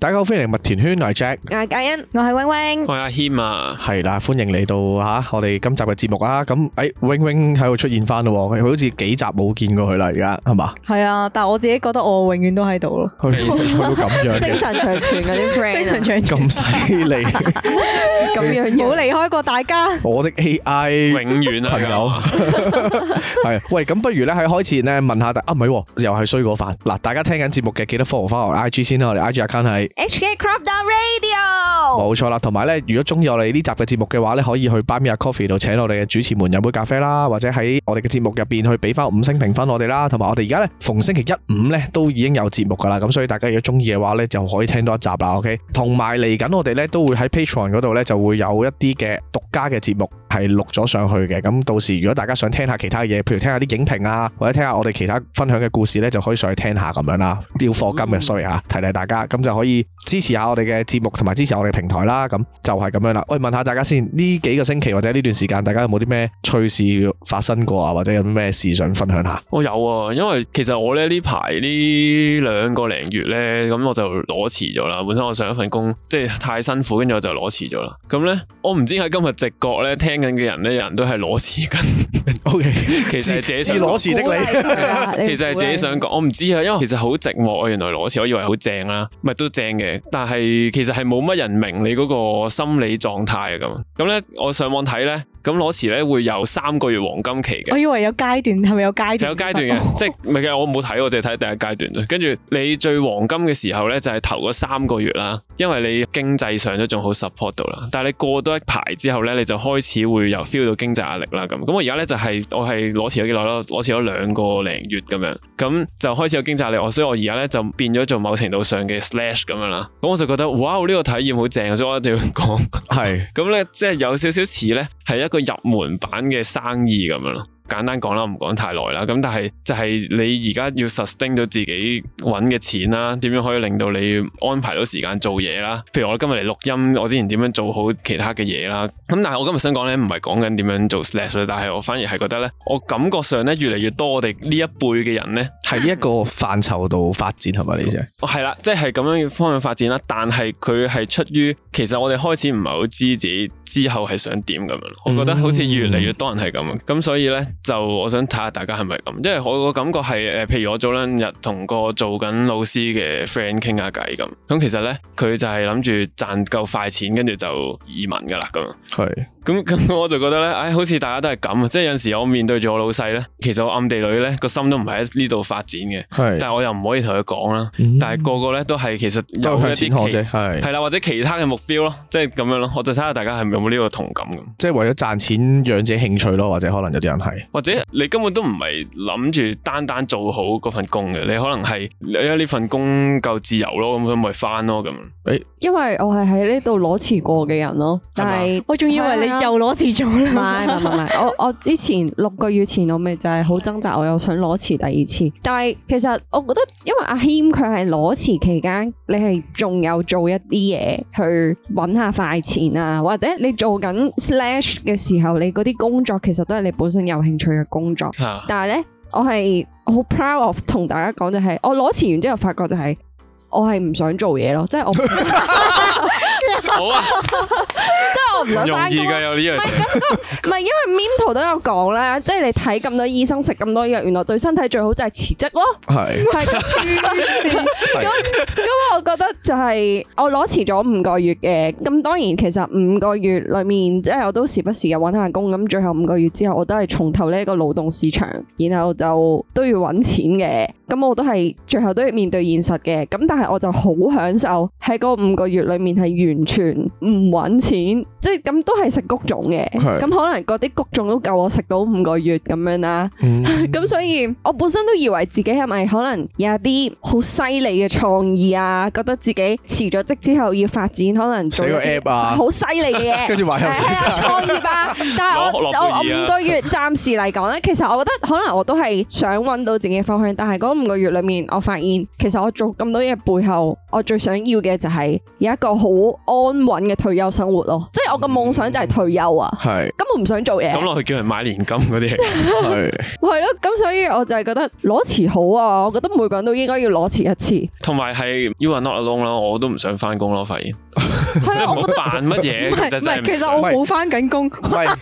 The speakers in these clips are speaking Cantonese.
大家好，歡迎麥田圈，我係 Jack，我係 Kayan，我係 Wing Wing，我係阿謙啊，係啦，歡迎嚟到吓我哋今集嘅節目啊，咁誒，Wing Wing 喺度出現翻咯，佢好似幾集冇見過佢啦，而家係嘛？係啊，但係我自己覺得我永遠都喺度咯，咩事佢會咁樣？精神長存嗰啲 friend，精神長存，咁犀利，咁樣冇離開過大家，我的 AI 永遠朋友，係，喂，咁不如咧喺開始咧問下，大家啊唔係，又係衰果飯，嗱，大家聽緊節目嘅記得 follow 翻我 IG 先啦，我哋 IG account 係。HK Crop Radio，冇錯啦。同埋咧，如果中意我哋呢集嘅節目嘅話咧，可以去 Buy Me a Coffee 度請我哋嘅主持們飲杯咖啡啦，或者喺我哋嘅節目入邊去俾翻五星評分我哋啦。同埋我哋而家咧逢星期一五咧都已經有節目噶啦，咁所以大家如果中意嘅話咧就可以聽多一集啦。OK，同埋嚟緊我哋咧都會喺 Patreon 嗰度咧就會有一啲嘅獨家嘅節目。係錄咗上去嘅，咁到時如果大家想聽下其他嘢，譬如聽下啲影評啊，或者聽下我哋其他分享嘅故事呢，就可以上去聽下咁樣啦，要課金嘅，sorry 啊，提提大家，咁就可以支持下我哋嘅節目，同埋支持我哋平台啦，咁就係咁樣啦。喂，問下大家先，呢幾個星期或者呢段時間，大家有冇啲咩趣事發生過啊？或者有咩事想分享下？我有啊，因為其實我咧呢排呢兩個零月呢，咁我就攞辭咗啦。本身我上一份工即係太辛苦，跟住我就攞辭咗啦。咁呢，我唔知喺今日直覺呢。聽。緊嘅人咧，人都係裸辭。O K，其實係自己的，其實係自己想講。我唔知啊，因為其實好寂寞啊。原來裸辭，我以為好正啦，咪都正嘅。但係其實係冇乜人明你嗰個心理狀態啊。咁我上網睇咧。咁攞匙咧，會有三個月黃金期嘅。我以為有階段，係咪有階段、段, 段？有階段嘅，即係唔係嘅，我冇睇，我淨係睇第一階段啦。跟住你最黃金嘅時候咧，就係、是、頭嗰三個月啦，因為你經濟上都仲好 support 到啦。但係你過多一排之後咧，你就開始會有 feel 到經濟壓力啦，咁、就是。我而家咧就係我係攞匙咗幾耐咯，攞匙咗兩個零月咁樣，咁就開始有經濟壓力。我所以我而家咧就變咗做某程度上嘅 slash 咁樣啦。咁我就覺得，哇！呢、這個體驗好正，所以我一定要講。係咁咧，即、就、係、是、有少少似咧，係一個入門版嘅生意咁樣咯，簡單講啦，唔講太耐啦。咁但係就係你而家要 sustain 到自己揾嘅錢啦，點樣可以令到你安排到時間做嘢啦？譬如我今日嚟錄音，我之前點樣做好其他嘅嘢啦？咁但係我今日想講咧，唔係講緊點樣做 slate，但係我反而係覺得咧，我感覺上咧越嚟越多我哋呢一輩嘅人咧，喺呢一個範疇度發展係咪？ 你意思係？哦，係啦，即係咁樣嘅方向發展啦，但係佢係出於其實我哋開始唔係好知自己。之後係想點咁樣，我覺得好似越嚟越多人係咁，咁、嗯、所以呢，就我想睇下大家係咪咁，因為我個感覺係，譬如我早兩日同個做緊老師嘅 friend 傾下偈咁，咁其實呢，佢就係諗住賺夠快錢，跟住就移民噶啦咁。係。咁咁、嗯、我就覺得咧，唉、哎，好似大家都係咁啊！即係有陣時我面對住我老細咧，其實我暗地裏咧個心都唔係喺呢度發展嘅，係是，但係我又唔可以同佢講啦。嗯、但係個個咧都係其實都向前行啫，係係啦，或者其他嘅目標咯，即係咁樣咯。我就睇下大家係咪有冇呢個同感咁，即係為咗賺錢養自己興趣咯，或者可能有啲人係，或者你根本都唔係諗住單單做好嗰份工嘅，你可能係因為呢份工夠自由咯，咁佢咪翻咯咁。誒，因為、欸、因為我係喺呢度攞錢過嘅人咯，但係是吧我仲以為你。又攞辭咗啦！唔係唔係唔係，我我之前六個月前我咪就係好掙扎，我又想攞辭第二次。但係其實我覺得，因為阿謙佢係攞辭期間，你係仲有做一啲嘢去搵下快錢啊，或者你做緊 slash 嘅時候，你嗰啲工作其實都係你本身有興趣嘅工作。啊、但係咧，我係好 proud of 同大家講就係，我攞辭完之後發覺就係，我係唔想做嘢咯，即係我。 好啊！即係我唔想翻工。唔係因為 Minto 都有講啦。即係你睇咁多醫生食咁多藥，原來對身體最好就係辭職咯。係係。 咁咁， 我覺得就係、是、我攞遲咗五個月嘅。咁當然其實五個月裏面，即、就、係、是、我都時不時有搵下工。咁最後五個月之後，我都係從頭呢一個勞動市場，然後就都要搵錢嘅。咁我都係最後都要面對現實嘅，咁但係我就好享受喺嗰五個月裏面係完全唔揾錢，即係咁都係食穀種嘅，咁是可能嗰啲穀種都夠我食到五個月咁樣啦、啊。咁、嗯、 所以，我本身都以為自己係咪可能有一啲好犀利嘅創意啊？覺得自己辭咗職之後要發展，可能做個 app 啊，好犀利嘅嘢，跟住話有創意啊！但係我裸裸我五個月暫時嚟講呢，其實我覺得可能我都係想揾到自己嘅方向，但係五個月裏面，我發現其實我做咁多嘢背後，我最想要嘅，就係有一個好安穩嘅退休生活咯。即係我嘅夢想就係退休啊，嗯、根本唔想做嘢。咁落去叫人買年金嗰啲係，係咯 是。咁 所以我就係覺得裸辭好啊。我覺得每個人都應該要裸辭一次，同埋係 you are not alone 啦。我都唔想翻工咯，發現。你唔好扮乜嘢，唔係，其實我冇翻緊工。唔係，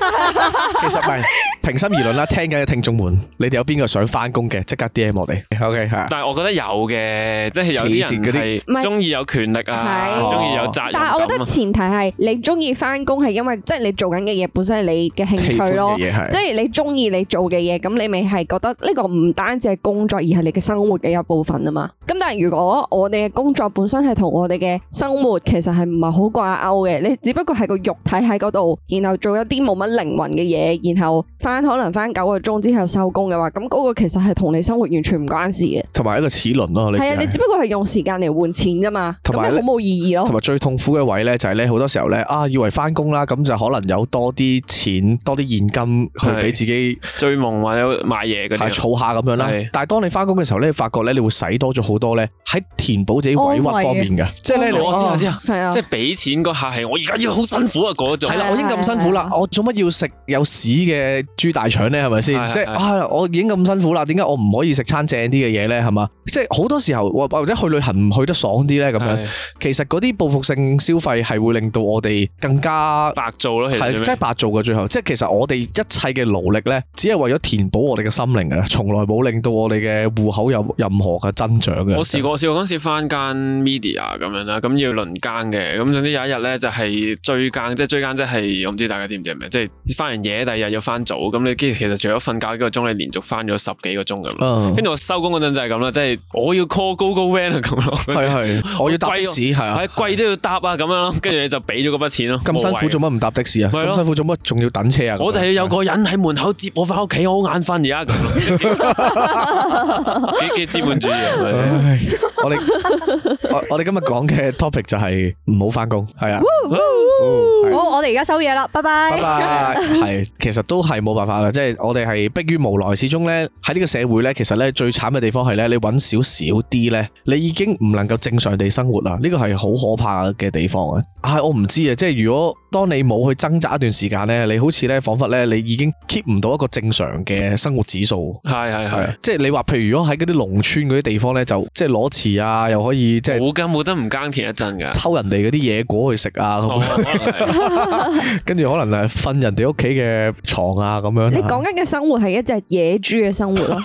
其實唔係，平心而論啦，聽緊嘅聽眾們，你哋有邊個想翻工嘅？即刻 DM 我哋。OK 係。但係我覺得有嘅，即係有啲人嗰啲中意有權力啊，中意有責任。但係我覺得前提係你中意翻工係因為即係你做緊嘅嘢本身係你嘅興趣咯，即係你中意你做嘅嘢，咁你咪係覺得呢個唔單止係工作，而係你嘅生活嘅一部分啊嘛。咁但係如果我哋嘅工作本身係同我哋嘅生活其實。係唔係好掛鈎嘅？你只不過係個肉體喺嗰度，然後做一啲冇乜靈魂嘅嘢，然後翻可能翻九個鐘之後收工嘅話，咁嗰個其實係同你生活完全唔關事嘅。同埋一個齒輪咯，你係啊，你只不過係用時間嚟換錢啫嘛。同埋好冇意義咯。同埋最痛苦嘅位咧，就係咧好多時候咧啊，以為翻工啦，咁就可能有多啲錢、多啲現金去俾自己追夢或者買嘢嘅，係儲下咁樣啦。但係當你翻工嘅時候咧，你發覺咧你會使多咗好多咧，喺填補自己委屈方面嘅。即係咧，你我知啊，知啊。即係俾錢嗰下係我而家要好辛苦啊，嗰種係啦，我已經咁辛苦啦，對對對對我做乜要食有屎嘅豬大腸咧？係咪先？對對對對即係啊，我已經咁辛苦啦，點解我唔可以食餐正啲嘅嘢咧？係嘛？即係好多時候或或者去旅行唔去得爽啲咧咁樣對 其，其實嗰啲報復性消費係會令到我哋更加白做咯，係即係白做嘅最後。即係其實我哋一切嘅勞力咧，只係為咗填補我哋嘅心靈啊，從來冇令到我哋嘅戶口有任何嘅增長嘅。我試過，試對 過嗰陣時翻間 media 咁樣啦，咁要輪更嘅。咁總之有一日咧，就係最更，即係最更，即係我唔知大家知唔知係咩，即係翻完夜，第二日要翻早，咁你跟住其實除咗瞓覺幾個鐘，你連續翻咗十幾個鐘咁咯。跟住我收工嗰陣就係咁啦，即係我要 call go go van 啊咁咯。係係，我要搭的士係啊，貴都要搭啊咁樣咯。跟住你就俾咗嗰筆錢咯。咁辛苦做乜唔搭的士啊？咁辛苦做乜仲要等車啊？我就係有個人喺門口接我翻屋企，我好眼瞓而家。幾幾資本主義啊！我哋我哋今日講嘅 topic 就係。唔好翻工，係啊，哇嗯、好，我哋而家收嘢啦，拜拜，拜拜 bye，係， 其實都係冇辦法啦，即係我哋係逼於無奈，始終咧喺呢個社會咧，其實咧最慘嘅地方係咧，你搵少少啲咧，你已經唔能夠正常地生活啦，呢個係好可怕嘅地方啊，係我唔知啊，即係如果。當你冇去掙扎一段時間咧，你好似咧，仿佛咧，你已經 keep 唔到一個正常嘅生活指數。係係係，即係你話，譬如如果喺嗰啲農村嗰啲地方咧，就即係攞匙啊，又可以即係。冇得唔耕田一陣嘅，偷人哋嗰啲野果去食啊，跟住可能係瞓人哋屋企嘅床啊咁樣。你講緊嘅生活係一隻野豬嘅生活咯，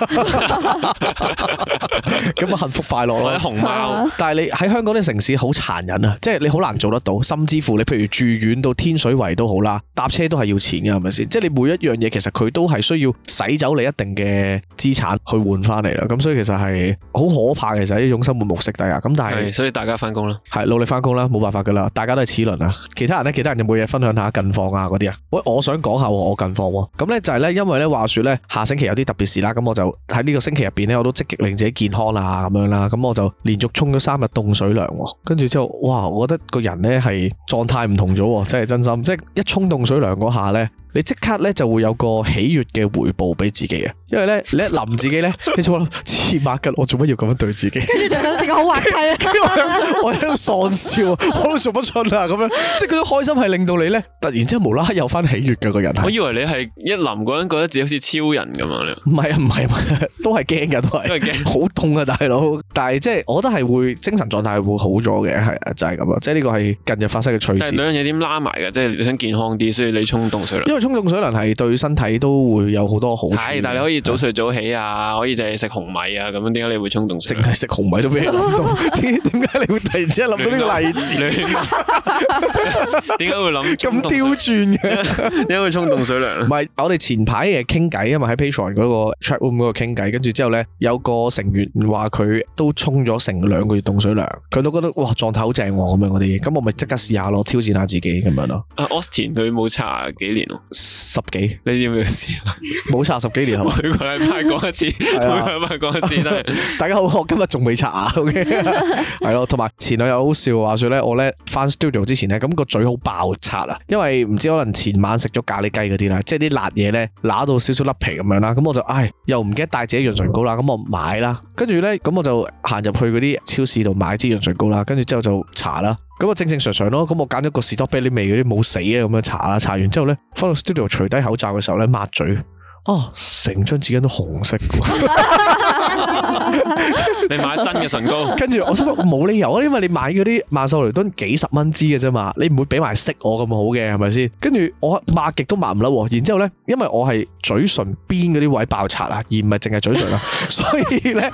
咁啊幸福快樂咯，熊貓。但係你喺香港啲城市好殘忍啊，即係你好難做得到，甚至乎你譬如住院到。天水圍都好啦，搭車都係要錢嘅，係咪先？即係你每一樣嘢，其實佢都係需要使走你一定嘅資產去換翻嚟啦。咁所以其實係好可怕嘅，其實呢種生活模式，大家咁但係，所以大家翻工啦，係努力翻工啦，冇辦法噶啦，大家都係齒輪啊。其他人咧，其他人有冇嘢分享下近況啊？嗰啲啊？喂，我想講下我近況咁咧，就係咧，因為咧，話說咧，下星期有啲特別事啦，咁我就喺呢個星期入邊咧，我都積極令自己健康啦、啊，咁樣啦，咁我就連續沖咗三日凍水涼，跟住之後，哇，我覺得個人咧係狀態唔同咗，即係。真心即一衝凍水涼嗰下咧。你即刻咧就會有個喜悅嘅回報俾自己啊！因為咧你一淋自己咧， 你就諗，黐孖筋！我做乜要咁樣對自己？跟住就等成個好滑稽啊！ 我喺度喪笑，啊，我都做唔出啦咁樣，即係佢啲開心係令到你咧突然之間無啦嘿有翻喜悅嘅個人。我以為你係一淋嗰陣覺得自己好似超人咁啊！唔係唔係，都係驚噶，都係。都係驚。好 痛啊，大佬！但係即係我覺得係會精神狀態會好咗嘅，係啊，就係咁啊，即係呢個係近日發生嘅趣事。但係兩樣嘢點拉埋嘅？即係你想健康啲，所以你衝凍水啦。沖凍水涼係對身體都會有好多好處。但係你可以早睡早起啊，對 可以淨係食紅米啊，咁樣點解你會沖凍水？淨係食紅米都俾你諗到？點解 你會突然之間諗到呢個例子？點解、啊啊、 會諗咁刁鑽嘅？點解 會沖凍水涼？唔係，我哋前排嘅傾偈因為，喺 Patreon 嗰、那個 chat room 嗰個傾偈，跟住之後咧有個成員話佢都沖咗成兩個月凍水涼，佢都覺得哇狀態好正喎，咁樣啲嘢，咁我咪即刻試下咯，挑戰下自己咁樣咯。阿、uh, Austin 佢冇差幾年咯。十幾，你要唔要試？冇擦十幾年，好唔好？每個禮拜講一次，每 個禮拜講一次，真係 是。 大家好，我今日仲未擦啊？係、okay? 咯， 同埋前兩日好笑話說，說咧，我咧翻 studio 之前咧，咁、那個嘴好爆拆啊，因為唔知可能前晚食咗咖喱雞嗰啲啦，即係啲辣嘢咧，辣到少少甩皮咁樣啦，咁我就唉、哎，又唔記得帶自己潤唇膏啦，咁我買啦，跟住咧，咁我就行入去嗰啲超市度買支潤唇膏啦，跟住之後就搽啦。咁啊，正正常常咯。咁我揀咗個士多啤梨味嗰啲，冇死啊。咁樣搽啦，搽完之後咧，返到 studio 除低口罩嘅時候咧，抹嘴，啊、哦，成張紙巾都紅色的。 你買真嘅唇膏，跟住我心諗冇理由，啊，因為你買嗰啲曼秀雷敦幾十蚊支嘅啫嘛，你唔會俾埋色我咁好嘅係咪先？跟住我抹極都抹唔甩，然之後咧，因為我係嘴唇邊嗰啲位爆擦啊，而唔係淨係嘴唇啦，所以咧，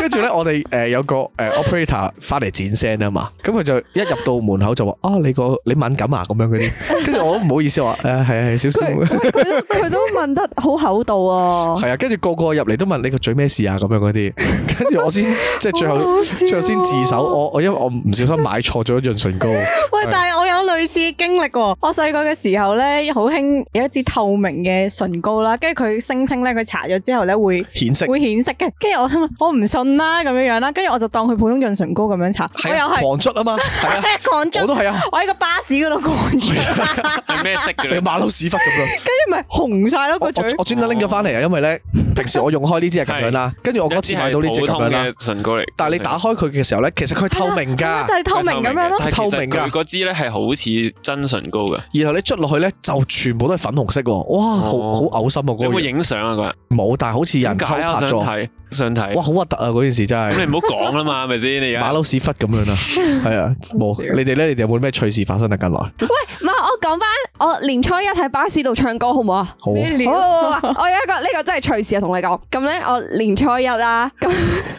跟住咧，我哋誒有個誒 operator 翻嚟剪聲啊嘛，咁、嗯、佢就一入到門口就話啊你個你敏感啊咁樣嗰啲，跟住我都唔好意思話誒係啊係少少，佢、啊啊啊、都問得好厚道啊， 係啊，跟住個個入嚟都問你個嘴咩事啊咁。咁啲，跟住我先即係最後，最後先自首。我我因為我唔小心買錯咗潤唇膏。喂，但係我有類似嘅經歷喎。我細個嘅時候咧，好興有一支透明嘅唇膏啦，跟住佢聲稱咧，佢擦咗之後咧，會顯色，會顯色嘅。跟住我我唔信啦，咁樣樣啦，跟住我就當佢普通潤唇膏咁樣擦。我又係黃竹啊嘛，係啊，黃竹我都係啊。我喺個巴士嗰度講嘢，咩色嘅？成馬騮屎忽咁樣。跟住咪紅晒咯個嘴。我專登拎咗翻嚟啊，因為咧平時我用開呢支係咁樣啦，跟一支係普通嘅唇膏嚟，但係你打開佢嘅時候咧，其實佢透明噶就係透明咁樣咯，透明噶。其實佢嗰支咧，係好似真唇膏噶然後你捽落去咧就全部都係粉紅色，哇，好好嘔心啊！嗰個有冇影相啊？佢冇，但係好似人偷拍咗，想睇，哇，好核突啊！嗰件事真係。咁你唔好講啦嘛，係咪先？你馬騮屎忽咁樣啊，係啊，冇。你哋咧，你哋有冇咩趣事發生啊？近來？喂！講翻，我年初一喺巴士度唱歌好唔好啊？好，我有一個呢、這個真係隨時啊同你講。咁咧我年初一啊，咁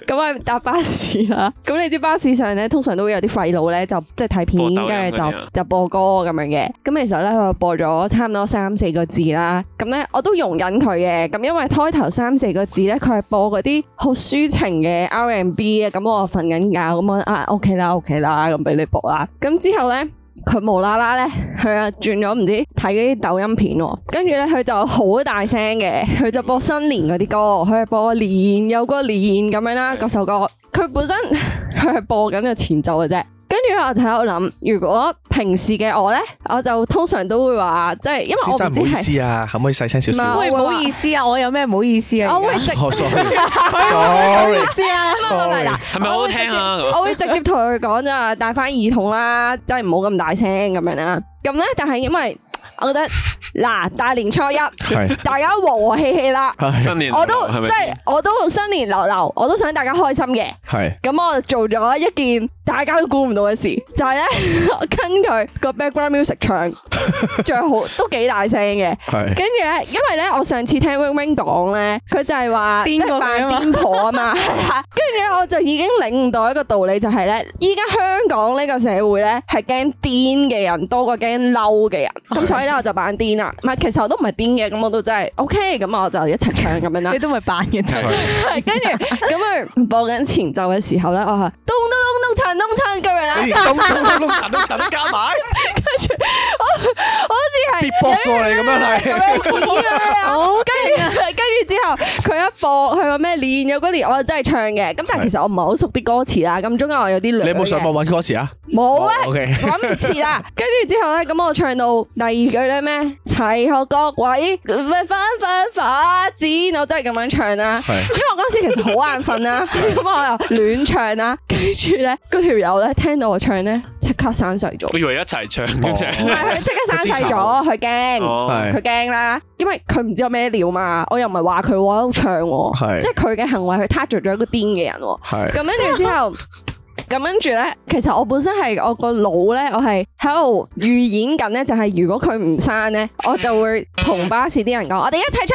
咁 我搭巴士啦。咁你知巴士上咧通常都會有啲廢佬咧就即係睇片，跟住就麼就播歌咁樣嘅。咁其實咧佢就播咗差唔多三四個字啦。咁咧我都容忍佢嘅。咁因為開頭三四個字咧，佢係播嗰啲好抒情嘅 R&B 啊。咁我瞓緊覺咁樣啊，OK 啦 OK 啦，咁俾你播啦。咁之後咧。佢無啦啦咧，佢啊轉咗唔知睇嗰啲抖音片哦，跟住咧佢就好大聲嘅，佢就播新年嗰啲歌，佢係播年有個年咁樣啦，嗰首歌，佢本身佢係播緊個前奏嘅啫。跟住我就喺度諗，如果平時嘅我咧，我就通常都會話，即係因為我唔知係。先生唔好意思啊，可唔可以細聲少少？唔好意思啊，我有咩唔好意思啊？我會直，sorry，sorry 啊，係咪好聽啊？我會直接同佢講咋，帶翻耳筒啦，即係唔好咁大聲咁樣啦。咁咧，但係因為。我覺得嗱，大年初一，大家和和氣氣啦，新年我都即係我都新年流流，我都想大家開心嘅。咁我做咗一件大家都估唔到嘅事，就係咧，跟佢個 background music 唱，最好都幾大聲嘅。跟住咧，因為咧，我上次聽 Wing Wing 講咧，佢就係話扮癲婆啊嘛。跟住咧，我就已經領悟到一個道理，就係咧，依家香港呢個社會咧，係驚癲嘅人多過驚嬲嘅人，咁所以。之後就扮癲啦，唔係其實我都唔係癲嘅，咁我都真係 OK，咁我就一齊唱咁樣啦。你都咪扮嘅啫，係跟住咁去播緊前奏嘅時候咧，我係咚咚咚咚嚓咚嚓咁樣啦，咚咚咚咚嚓跟住我好似係 B 博士嚟嘅，好跟住跟住之後佢一播，佢話咩練咗嗰年，我真係唱嘅，咁但係其實我唔係好熟啲歌詞啦，咁中間我有啲亂。你有冇上網揾歌詞啊？冇咧，揾唔切啦。跟住之後咧，咁我唱到第二個。佢咧咩？齊國各位紛紛發展，我真係咁樣唱啦，因為嗰陣時其實好眼瞓啦，咁我又亂唱啦，跟住咧嗰條友咧聽到我唱咧，即刻生晒咗，佢以為一齊唱，即刻生晒咗，佢驚，佢驚啦，因為佢唔知有咩料嘛，我又唔係話佢喎唱，即係佢嘅行為，佢 touch 咗一個癲嘅人，咁跟住之後。咁跟住咧，其實我本身係我個腦咧，我係喺度預演緊咧， 就係如果佢唔刪咧，我就會同巴士啲人講， 我哋一齊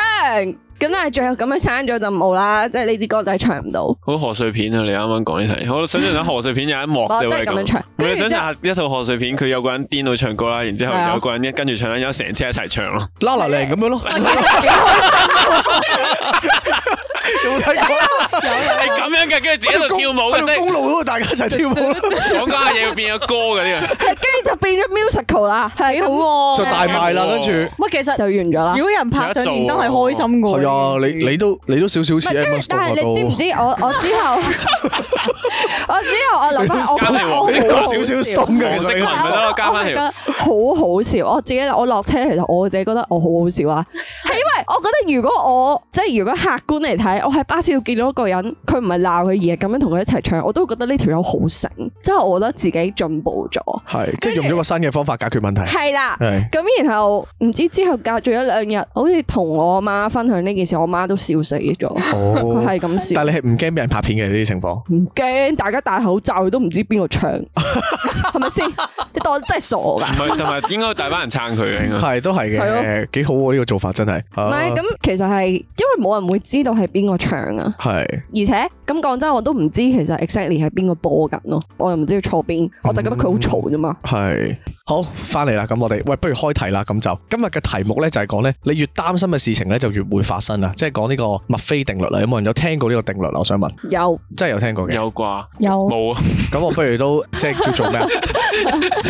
唱。咁但係，最後咁樣刪咗就冇啦，即係呢支歌就係唱唔到。好賀歲片啊！你啱啱講呢題，好 想象下賀歲片有一幕 就係咁，我哋想象下一套賀歲片，佢有個人癲到唱歌啦，然之後，後有個人跟跟住唱啦，然之後成車一齊唱咯，拉拉令咁樣咯。 有係咁樣嘅，跟住自己喺跳舞，喺公路嗰度大家一齊跳舞咯。講家嘢變咗歌嘅啲啊，跟住就變咗 musical 啦，係好喎，就大賣啦，跟住唔其實就完咗啦。如果人拍上熒幕係開心嘅，係啊，你你都你都少少似 musical 但係，你知唔知我我之後我之後我諗我我少少慫嘅，我唔得我加翻條好好笑。我自己我落車其實我自己覺得我好好笑啊，係因為我覺得如果我即係如果客觀嚟睇。我喺巴士度見到一個人，佢唔係鬧佢，而係咁樣同佢一齊唱，我都覺得呢條友好醒，即係我覺得自己進步咗。係，即係用咗個新嘅方法解決問題。係啦，咁然後唔知之後隔咗一兩日，好似同我媽分享呢件事，我媽都笑死咗。佢係咁笑。但係你係唔驚俾人拍片嘅呢啲情況？唔驚，大家戴口罩，佢都唔知邊個唱，係咪先？你當真係傻㗎？唔係，同埋應該大班人撐佢嘅，應該係都係嘅，係咯，幾好喎呢個做法真係。唔係咁，其實係因為冇人會知道係邊。邊個唱啊？係是，而且咁講真，我都唔知其實 exactly 係邊個播緊咯，我又唔知佢坐邊，嗯、我就覺得佢好嘈啫嘛。係，好，翻嚟啦，咁我哋喂，不如開題啦，咁就今日嘅題目咧就係講咧，你越擔心嘅事情咧就越會發生啦，即係講呢個墨菲定律啦。有冇人有聽過呢個定律？我想問，有，真係有聽過嘅，有啩吧，有，冇啊？咁我不如都即係叫做咩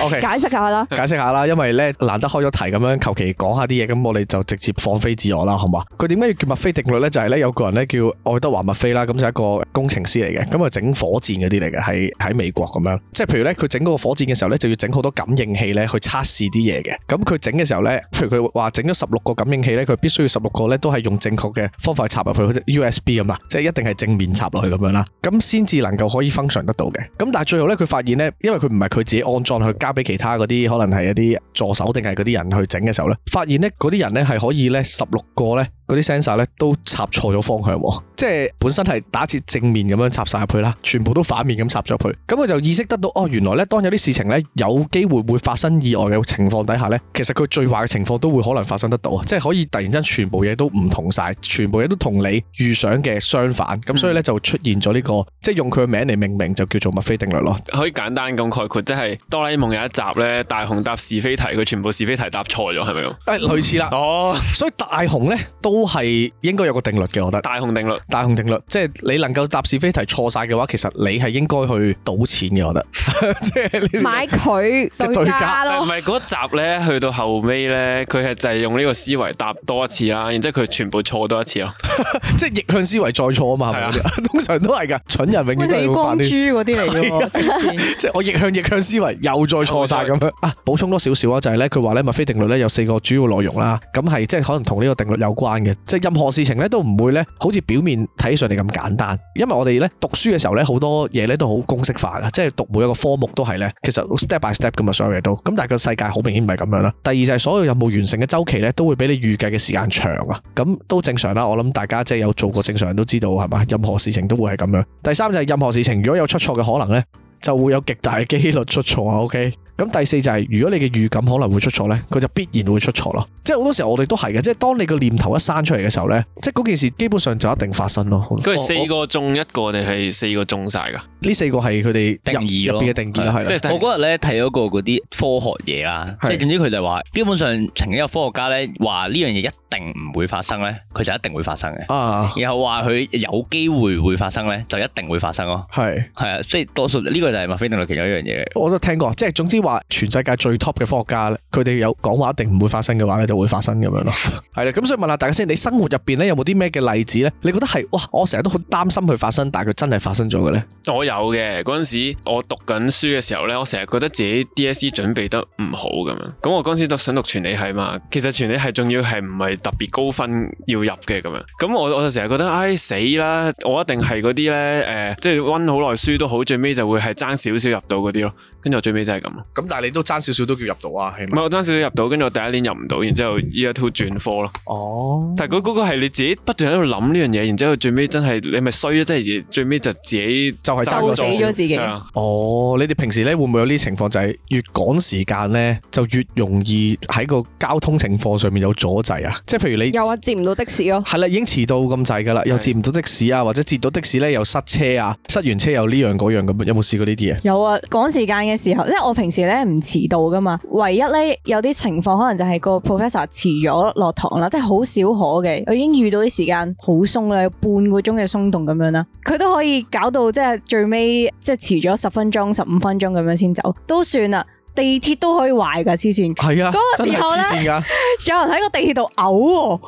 ？OK，解釋下啦，解釋下啦，因為咧難得開咗題咁樣，求其講下啲嘢，咁我哋就直接放飛自我啦，好嘛？佢點解要叫墨菲定律咧？就係、是、咧有個人咧。叫愛德華墨菲啦，咁就一個工程師嚟嘅，咁啊整火箭嗰啲嚟嘅，喺喺美國咁樣，即係譬如咧，佢整嗰個火箭嘅時候咧，就要整好多感應器咧去測試啲嘢嘅，咁佢整嘅時候咧，譬如佢話整咗十六個感應器咧，佢必須要十六個咧都係用正確嘅方法插入去，好似 USB 咁啊，即係一定係正面插落去咁樣啦，咁先至能夠可以 function 得到嘅，咁但係最後咧，佢發現咧，因為佢唔係佢自己安裝，去交俾其他嗰啲可能係一啲助手定係嗰啲人去整嘅時候咧，發現咧嗰啲人咧係可以咧十六個咧。嗰啲 sensor 咧都插錯咗方向，即係本身係打設正面咁樣插晒入去啦，全部都反面咁插咗入去，咁佢就意識得到哦，原來咧當有啲事情咧有機會會發生意外嘅情況底下咧，其實佢最壞嘅情況都會可能發生得到，即係可以突然間全部嘢都唔同晒，全部嘢都同你預想嘅相反，咁所以咧就出現咗呢個，即係用佢嘅名嚟命名就叫做墨菲定律咯。可以簡單咁概括，即係哆啦 A 夢有一集咧，大雄答是非題，佢全部是非題答錯咗，係咪啊？類似啦。哦，所以大雄咧都。都係應該有個定律嘅，我覺得，大雄定律。大雄定律，即係你能夠答是非題錯晒嘅話，其實你係應該去賭錢嘅，我覺得，即係 買佢對家咯。唔係嗰一集咧，去到後尾咧，佢係就係用呢個思維答多一次啦，然之後佢全部錯多一次咯， 即係逆向思維再錯啊嘛，係啊，是吧 通常都係噶，蠢人永遠都要犯啲。李光洙嗰啲嚟嘅，即係我逆向逆向思維又再錯晒咁樣。啊，補充多少少啊，就係咧，佢話咧墨菲定律咧有四個主要內容啦，咁係即係可能同呢個定律有關。即係任何事情咧，都唔會咧，好似表面睇上嚟咁簡單。因為我哋咧讀書嘅時候咧，好多嘢咧都好公式化啊，即係讀每一個科目都係咧，其實 step by step 噶嘛，所有嘢都。咁但係個世界好明顯唔係咁樣啦。第二就係所有任務完成嘅周期咧，都會比你預計嘅時間長啊。咁都正常啦。我諗大家即係有做過正常人都知道係嘛，任何事情都會係咁樣。第三就係任何事情如果有出錯嘅可能咧。就會有極大嘅幾率出錯啊！OK，咁第四就係如果你嘅預感可能會出錯咧，佢就必然會出錯咯。即係好多時候我哋都係嘅，即係當你個念頭一生出嚟嘅時候咧，即係嗰件事基本上就一定發生咯。佢係四個中一個定係四個中晒噶？呢四個係佢哋入入邊嘅定義，即係我嗰日咧睇咗個嗰啲科學嘢啦，即係總之佢就話，基本上曾經有科學家咧話呢樣嘢一定唔會發生咧，佢就一定會發生嘅啊！然後話佢有機會會發生咧，就一定會發生咯。係係啊，即係多數呢個。就係啊！非定律其中一樣嘢我都聽過。即係總之話，全世界最 top 嘅科學家咧，佢哋有講話，一定唔會發生嘅話咧，就會發生咁樣咯。係 啦，咁所以問下大家先，你生活入邊咧有冇啲咩嘅例子咧？你覺得係哇，我成日都好擔心佢發生，但係佢真係發生咗嘅咧？我有嘅嗰陣時，我讀緊書嘅時候咧，我成日覺得自己 DSE 準備得唔好咁樣。咁我嗰陣時都想讀傳理系嘛，其實傳理系仲要係唔係特別高分要入嘅咁樣。咁我我就成日覺得，唉、哎、死啦！我一定係嗰啲咧，誒、呃，即係温好耐書都好，最尾就會係。爭少少入到嗰啲咯，跟住我最尾就係咁啊。咁但係你都爭少少都叫入到啊，起碼。咪我爭少少入到，跟住我第一年入唔到，然之後 year two 轉科咯。哦。但係嗰嗰個係你自己不斷喺度諗呢樣嘢，然之後最尾真係你咪衰咯，即係最尾就自己就係爭死咗自己。對哦。你哋平時咧會唔會有呢情況？就係、是、越趕時間咧，就越容易喺個交通情況上面有阻滯啊。即係譬如你有啊，接唔到的士咯、啊。係啦，已經遲到咁滯噶啦，又接唔到的士啊，或者接到的士咧又塞車啊，塞，車塞完車又呢樣嗰樣咁，有冇試過？呢啲啊，有啊，趕時間嘅時候，即係我平時咧唔遲到噶嘛，唯一咧有啲情況可能就係個 professor 遲咗落堂啦，即係好少可嘅，我已經遇到啲時間好鬆啦，有半個鐘嘅鬆動咁樣啦，佢都可以搞到即係最尾即係遲咗十分鐘、十五分鐘咁樣先走，都算啦。地鐵都可以壞噶黐線，係啊，嗰個時候咧，黐線噶， 有人喺個地鐵度嘔。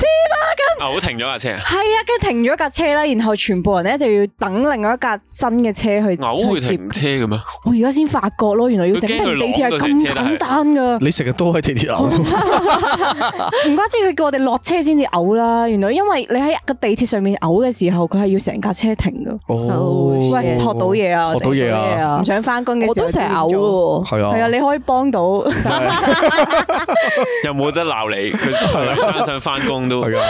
黐孖筋，嘔停咗架車啊！係啊，佢停咗架車啦，然後全部人咧就要等另外一架新嘅車去。嘔會停車嘅咩？我而家先發覺咯，原來要整停地鐵係咁簡單噶。你成日都喺地鐵嘔，唔怪之。佢叫我哋落車先至嘔啦。原來因為你喺個地鐵上面嘔嘅時候，佢係要成架車停噶。哦，喂，學到嘢啊！學到嘢啊！唔想翻工嘅，我都成日嘔喎。係啊，係啊，你可以幫到。又冇得鬧你？佢想翻工。 都係噶，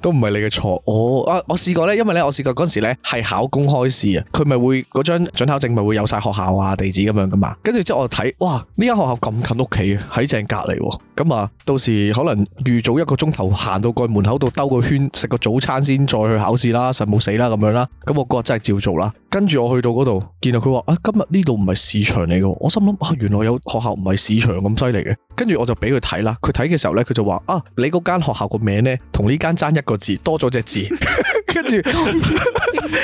都唔係你嘅錯哦。啊，我試過咧，因為咧，我試過嗰時咧係考公開試啊。佢咪會嗰張準考證咪會有晒學校啊、地址咁樣噶嘛。跟住之後我睇，哇！呢間學校咁近屋企啊，喺正隔籬喎。咁啊，到時可能預早一個鐘頭行到過門口度兜個圈，食個早餐先再去考試啦，實冇死啦咁樣啦。咁、嗯、我嗰日真係照做啦。跟住我去到嗰度，見到佢話啊，今日呢度唔係市場嚟嘅。我心諗啊，原來有學校唔係市場咁犀利嘅。跟住我就俾佢睇啦。佢睇嘅時候咧，佢就話啊，你嗰間學校個名咧。同呢間爭一個字，多咗隻字，跟住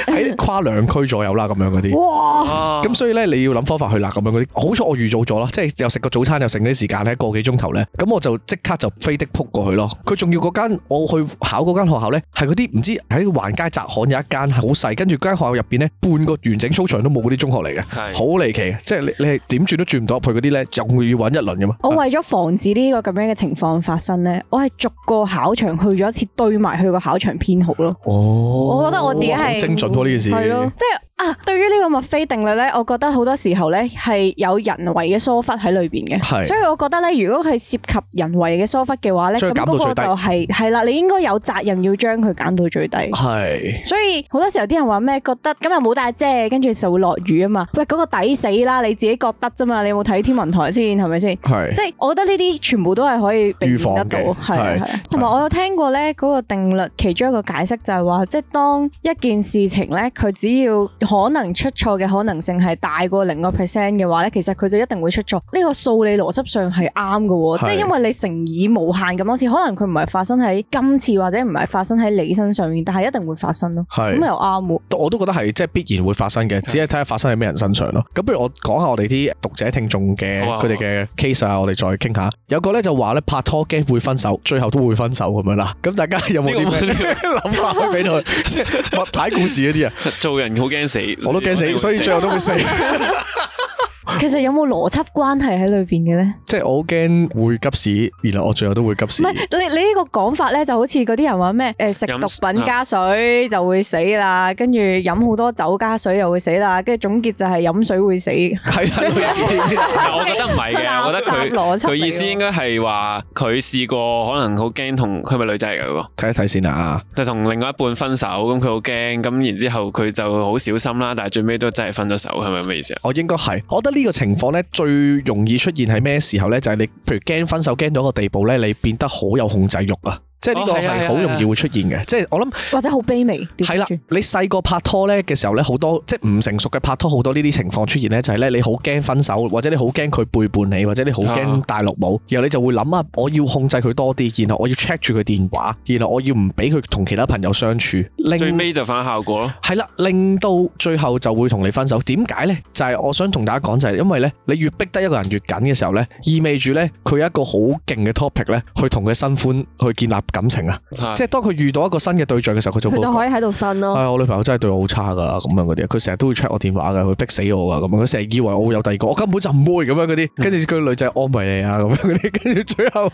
喺跨兩區左右啦，咁樣嗰啲，哇！咁 所以咧，你要諗方法去啦，咁樣嗰啲。好彩我預早咗咯，即係又食個早餐，又剩啲時間咧，一個幾鐘頭咧，咁我就即刻就飛的撲過去咯。佢仲要嗰間我去考嗰間學校咧，係嗰啲唔知喺橫街窄巷有一間好細，跟住間學校入邊咧，半個完整操場都冇嗰啲中學嚟嘅，好離的奇，即係你你點轉都轉唔到入去嗰啲咧，又會要搵一輪嘅嘛。我為咗防止呢個咁樣嘅情況發生咧，我係逐個考場去。去咗一次對埋佢個考場編號咯，我覺得我自己係好精準咯呢件事了，係、即係啊，對於呢個墨菲定律咧，我覺得好多時候咧係有人為嘅疏忽喺裏邊嘅，是所以我覺得咧，如果係涉及人為嘅疏忽嘅話咧，咁嗰個就係係啦，你應該有責任要將佢減到最低。係是。所以好多時候啲人話咩？覺得今日冇帶遮，跟住就會落雨啊嘛。喂，嗰個抵死啦，你自己覺得啫嘛。你有冇睇天文台先？係咪先？即係是我覺得呢啲全部都係可以預防得到，係。同埋我有聽過咧，嗰個定律其中一個解釋就係話，即係當一件事情咧，佢只要可能出錯嘅可能性係大過零個 percent 嘅話咧，其實佢就一定會出錯。呢個數理邏輯上係啱嘅，是即係因為你乘以無限咁多次，可能佢唔係發生喺今次，或者唔係發生喺你身上面，但係一定會發生咯。咁又啱喎。我都覺得係，即係必然會發生嘅，是只係睇發生喺咩人身上咯。咁不如我講下我哋啲讀者聽眾嘅佢哋嘅 case 啊的，我哋再傾下。的有個咧就話咧拍拖驚會分手，最後都會分手咁樣啦。咁大家有冇啲諗法去俾佢？即係 物睇故事嗰啲啊，做人好驚死我都驚死，死所以最後都會死。 其實有冇邏輯關係喺裏邊嘅咧？即係我好驚會急屎，原來我最後都會急屎。唔係你你呢個講法咧，就好似嗰啲人話咩誒食毒品加水就會死啦，跟住飲好多酒加水又會死啦，跟住總結就係飲水會死。係啦，我覺得唔係嘅，我覺得佢邏輯佢意思應該係話佢試過可能好驚同佢係咪女仔嚟噶？睇一睇先啊！就同另外一半分手，咁佢好驚，咁然之後佢就好小心啦，但係最尾都真係分咗手，係咪咁嘅意思啊？我應該係，我覺得呢個。個情況咧最容易出現喺咩時候咧？就係、是、你，譬如驚分手驚到一個地步咧，你變得好有控制欲啊！即係呢個係好容易會出現嘅，哦啊啊、即係我諗或者好卑微係啦。你細個拍拖呢嘅時候呢，好多即係唔成熟嘅拍拖，好多呢啲情況出現呢，就係呢：你好驚分手，或者你好驚佢背叛你，或者你好驚大陸冇，然後你就會諗啊，我要控制佢多啲，然後我要 check 住佢電話，然後我要唔俾佢同其他朋友相處，最尾就反效果咯。係啦，令到最後就會同你分手。點解呢？就係我想同大家講就係，因為呢，你越逼得一個人越緊嘅時候呢，意味住呢，佢有一個好勁嘅 topic 呢，去同佢新歡去建立。感情啊，是的 即係當佢遇到一個新嘅對象嘅時候，佢就佢就可以喺度呻咯，哎。我女朋友真係對我好差噶，啊，咁樣嗰啲，佢成日都會 check 我電話噶，佢逼死我啊。咁樣，佢成日以為我會有第二個，我根本就唔會咁樣嗰啲。跟住佢女仔安慰你啊，咁樣嗰啲，跟住最後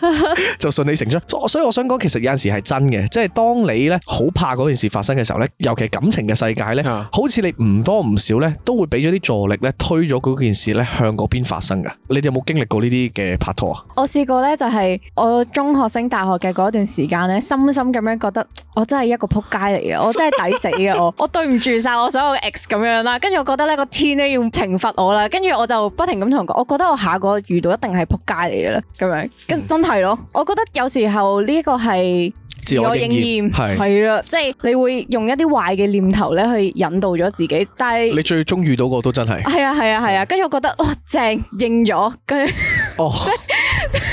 就順理成章。 所以我想講，其實有陣時係真嘅，即係當你咧好怕嗰件事發生嘅時候咧，尤其感情嘅世界咧，好似你唔多唔少咧，都會俾咗啲助力咧，推咗嗰件事咧向嗰邊發生噶。你哋有冇經歷過呢啲嘅拍拖啊？我試過咧，就係我中學升大學嘅嗰一段時時間咧，深深咁樣覺得，我真係一個撲街嚟嘅，我真係抵死嘅我，我對唔住晒我所有嘅 ex 咁樣啦。跟住我覺得咧，個天咧要懲罰我啦。跟住我就不停咁同佢講，我覺得我下個遇到一定係撲街嚟嘅啦。咁樣，跟真係咯。我覺得有時候呢個係自我應驗，係係啦，即係你會用一啲壞嘅念頭咧去引導咗自己。但係你最終遇到個都真係，係啊係啊係啊。跟住我覺得哇正應咗，跟住哦。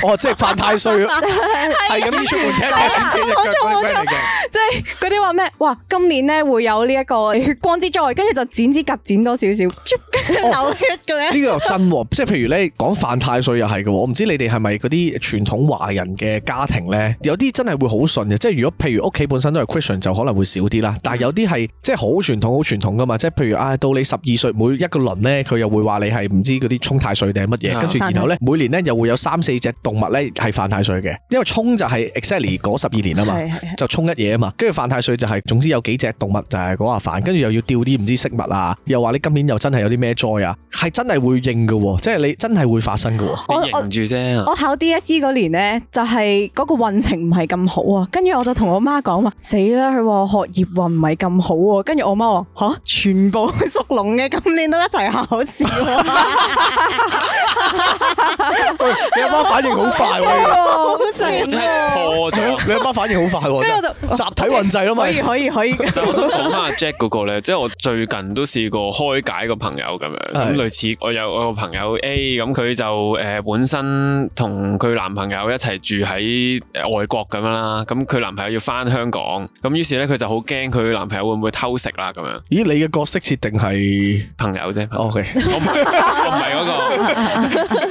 哦，即係犯太歲，係咁、 啊、出門聽，我、啊、選車腳拎佢嚟嘅。即係嗰啲話咩？哇，今年咧會有呢一個血光之災，跟住就剪指甲剪多少少，出、哦、血嘅呢個又真喎。即係譬如咧講犯太歲又係嘅。我唔知你哋係咪嗰啲傳統華人嘅家庭咧，有啲真係會好信嘅。即係如果譬如屋企本身都係 Christian，就可能會少啲啦。但係有啲係即係好傳統好傳統噶嘛。即係譬如啊、哎，到你十二歲每一個輪咧，佢又會話你係唔知嗰啲沖太歲定係乜嘢，跟住、嗯、然後咧每年咧又會有三四隻動物咧係犯太歲嘅，因為沖就係 exactly 嗰十二年啊嘛，是的 就沖一嘢啊嘛，跟住犯太歲就係、是、總之有幾隻動物就係嗰下犯，跟住又要掉啲唔知飾物啊，又話你今年又真係有啲咩災啊，係真係會應嘅，即係你真係會發生嘅。我我考 DSE 嗰年咧，就係嗰個運程唔係咁好啊，跟住我就同我媽講話，死啦，佢話學業運唔係咁好喎，跟住我媽話吓，全部屬龍嘅，今年都一齊考試。你阿媽反應？好快喎，好細啫，破咗你阿媽反應好快喎，集體運制咯嘛，可以可以可以。我想講翻阿 Jack 嗰個咧，即係我最近都試過開解個朋友咁樣，咁類似我有我個朋友 A 咁，佢就誒本身同佢男朋友一齊住喺外國咁樣啦，咁佢男朋友要翻香港，咁於是咧佢就好驚佢男朋友會唔會偷食啦咁樣。咦？你嘅角色設定係朋友啫，OK，我唔係嗰個。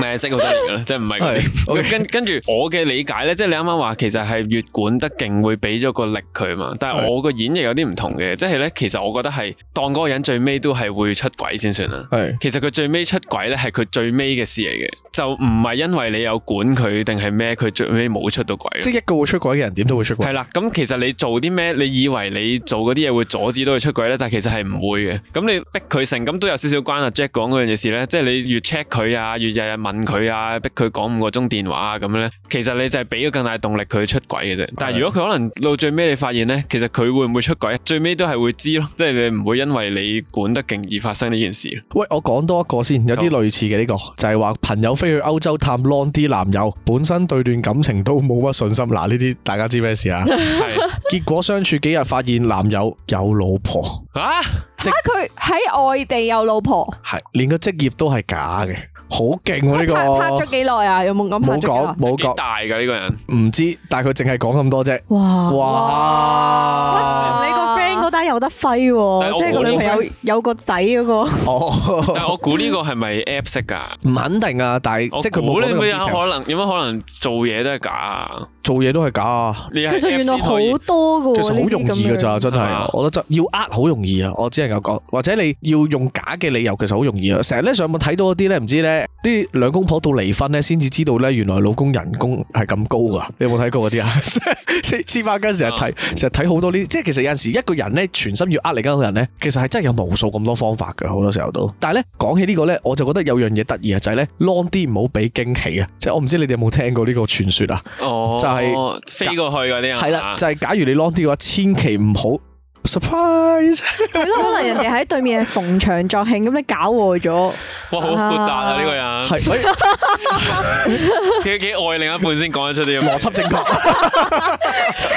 咪識好得意噶啦，即係唔係？跟跟住我嘅理解咧，即係你啱啱話，其實係越管得勁會俾咗個力佢嘛。但係我個演繹有啲唔同嘅，即係咧，其實我覺得係當嗰個人最尾都係會出軌先算啦。係， 其實佢最尾出軌咧係佢最尾嘅事嚟嘅，就唔係因為你有管佢定係咩，佢最尾冇出到軌。即係一個會出軌嘅人，點都會出軌。係啦， 咁其實你做啲咩，你以為你做嗰啲嘢會阻止到佢出軌咧？但係其實係唔會嘅。咁你逼佢成，咁都有少少關阿 Jack 講嗰樣嘢事咧。即係你越 check 佢啊。 例如日日問佢啊，逼佢講五個鐘電話啊，咁樣咧，其實你就係俾咗更大動力佢出軌嘅啫。但係如果佢可能到最尾，你發現咧，其實佢會唔會出軌？最尾都係會知咯，即係你唔會因為你管得勁而發生呢件事。喂，我講多一個先，有啲類似嘅呢、這個，就係、是、話朋友飛去歐洲探 long 啲男友，本身對段感情都冇乜信心。嗱，呢啲大家知咩事啊？係 結果相處幾日，發現男友有老婆啊？吓，即佢喺外地有老婆，係連個職業都係假嘅。好勁喎，呢個拍咗幾耐啊？有冇咁拍？冇講，冇講。大噶呢個人唔知，但係佢淨係講咁多啫。哇哇！你個 friend 嗰單有得揮，即係個女朋友有個仔嗰個。哦，但係我估呢個係咪 app 識噶？唔肯定啊，但係即係佢冇講。你唔有可能有乜可能做嘢都係假？做嘢都係假啊！其實原來好多噶，其實好容易噶咋，真係。我覺得要呃好容易啊，我只能夠講，或者你要用假嘅理由，其實好容易啊。成日咧上網睇到嗰啲咧，唔知咧。啲兩公婆到離婚咧，先至知道咧，原來老公人工係咁高噶。你有冇睇過嗰啲啊？即係黐孖筋成日睇，成日睇好多啲。即係其實有陣時一個人咧，全心要呃你嗰個人咧，其實係真係有無數咁多方法噶。好多時候都。但係咧，講起呢、這個咧，我就覺得有樣嘢得意啊，就係咧，long 啲唔好俾驚喜啊。即係我唔知你哋有冇聽過呢個傳說啊？哦，就係、是、飛過去嗰啲係啦。就係、是、假如你 long 啲嘅話，嗯、千祈唔好。Surprise，可能人哋喺對面係逢場作興，咁你搞壞咗，哇好複雜啊呢個人，幾幾愛另一半先講得出啲嘢，邏輯正確，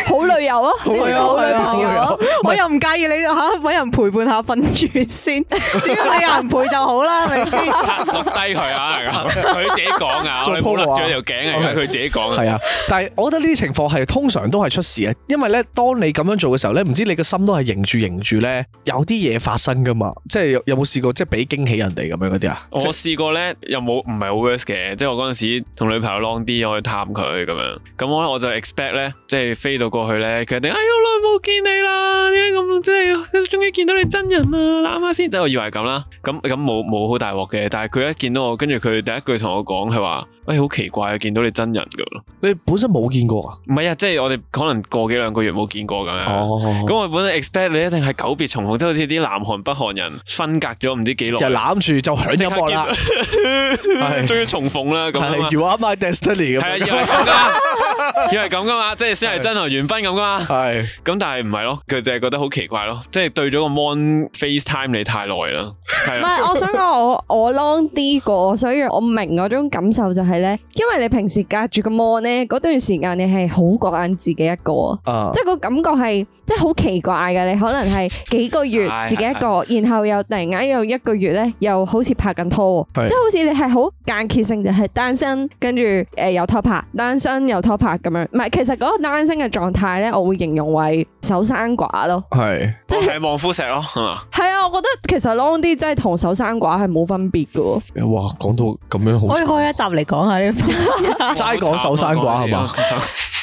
好旅遊啊，係啊，好旅遊，我又唔介意你吓冇人陪伴下瞓住先，只要你有人陪就好啦，明唔明？插落低佢啊，佢自己講啊，我哋鋪落咗條頸係佢自己講，係啊，但係我覺得呢啲情況係通常都係出事嘅，因為咧當你咁樣做嘅時候咧，唔知你個心都。係迎住迎住咧，有啲嘢發生噶嘛？即係有冇試過即係俾驚喜人哋咁樣嗰啲啊？我試過咧，又冇唔係好 worse 嘅。即係我嗰陣時同女朋友 long 啲，我去探佢咁樣。咁我咧我就 expect 咧，即係飛到過去咧，佢一定哎好耐冇見你啦，點解咁即係終於見到你真人啦，攬下先。即係我以為係咁啦，咁咁冇冇好大鑊嘅。但係佢一見到我，跟住佢第一句同我講，佢話。哎，好奇怪啊！見到你真人噶，你本身冇見過啊？唔係啊，即係我哋可能過幾兩個月冇見過咁樣。哦，咁我本身 expect 你一定係久別重逢，即係好似啲南韓北韓人分隔咗唔知幾耐，就攬住就響音樂啦。終於重逢啦！咁 You are my destiny，係啊，因為咁噶嘛，即係先係真係緣分咁噶嘛。係咁，但係唔係咯？佢就係覺得好奇怪咯，即係對咗個 mon FaceTime 你太耐啦。唔係，我想講我我 long 啲過，所以我明嗰種感受就係。因為你平時隔住個 mon 咧，嗰段時間你係好孤冷自己一個，uh, 即係個感覺係即係好奇怪嘅。你可能係幾個月自己一個，然後又突然間又一個月咧，又好似拍緊拖，即係好似你係好間歇性就係單身，跟住誒有拖拍，單身又拖拍咁樣。唔係，其實嗰個單身嘅狀態咧，我會形容為守生寡咯，係即係望夫石咯，係啊、嗯。我覺得其實 long 啲真係同守生寡係冇分別噶。哇，講到咁樣好，開開一集嚟講。齋 哇講守山寡係嘛？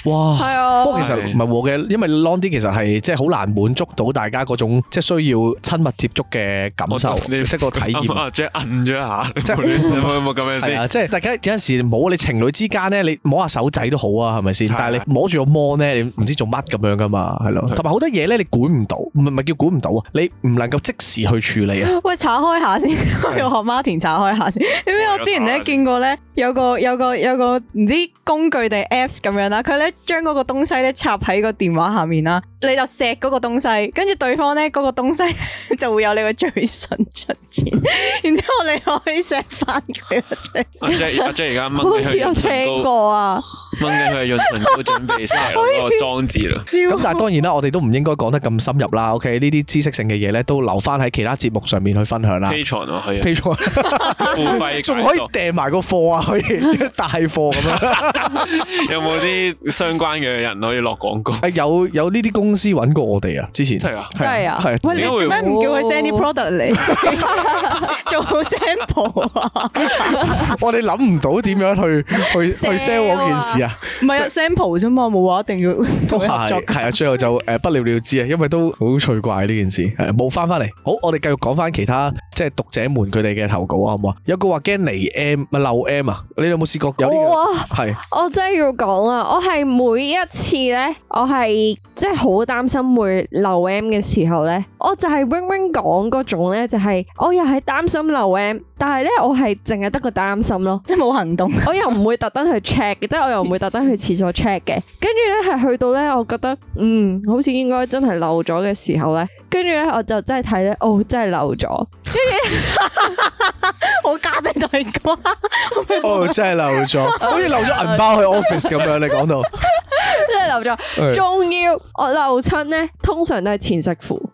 哇！不過其實唔係我嘅，因為 long 啲其實係即係好難滿足到大家嗰種即係需要親密接觸嘅感受。你要識個體驗，將按咗一下，即係冇冇冇咁樣先。即係大家有陣時冇你情侶之間咧，你摸下手仔都好啊，係咪先？但係你摸住個摩咧，你唔知做乜咁樣噶嘛，係咯。同埋好多嘢咧，你管唔到，唔係唔係叫管唔到啊？你唔能夠即時去處理啊！喂，拆開下先，我學 Martin 拆開下先。點解我之前咧見過咧有個有個有個唔知工具定 Apps 咁樣啦？佢咧。將嗰個東西咧插喺個電話下面啦，你就錫嗰個東西，跟住對方咧嗰、嗰個東西 就會有你嘅嘴唇出現，然之後你可以錫翻佢嘅嘴唇。即係我即係而家好似有聽過啊！ 掹緊佢係入唇都準備曬嗰個裝置啦。咁 但係當然啦，我哋都唔應該講得咁深入啦。OK，呢啲知識性嘅嘢咧，都留翻喺其他節目上面去分享啦。p a t r e 可以 p a t r 仲可以訂埋個貨啊，可以即大貨咁樣。 有冇啲相關嘅人可以落廣告？有有呢啲公司揾過我哋啊，之前真係啊，真係啊，係。啊。你做咩唔叫佢 send 啲 product 嚟？做 sample 我哋諗唔到點樣去去去 sell 嗰件事唔係啊，sample 啫嘛，冇話一定要。係係啊，最後就誒不了了之啊，因為都好趣怪呢件事，係冇翻翻嚟。好，我哋繼續講翻其他即係讀者們佢哋嘅投稿啊，好唔好啊？有個話驚離 M 咪漏 M 啊？你有冇試過？有啊。係，我真係要講啊！我係每一次咧，我係即係好擔心會漏 M 嘅時候咧，我就係 Wing Wing 講嗰種咧，就係我又係擔心漏 M，但係咧我係淨係得個擔心咯，即係冇行動。我又唔會特登去 check 嘅，即係我又唔會。會特登去廁所 check 嘅，跟住咧係去到咧，我覺得嗯，好似應該真係漏咗嘅時候咧，跟住咧我就真係睇咧，哦，真係漏咗。跟住， 我家姐同你講，哦，真係漏咗，好似漏咗銀包去 office 咁樣。你講到真係漏咗，仲要 Okay. 我漏親咧，通常都係前媳符。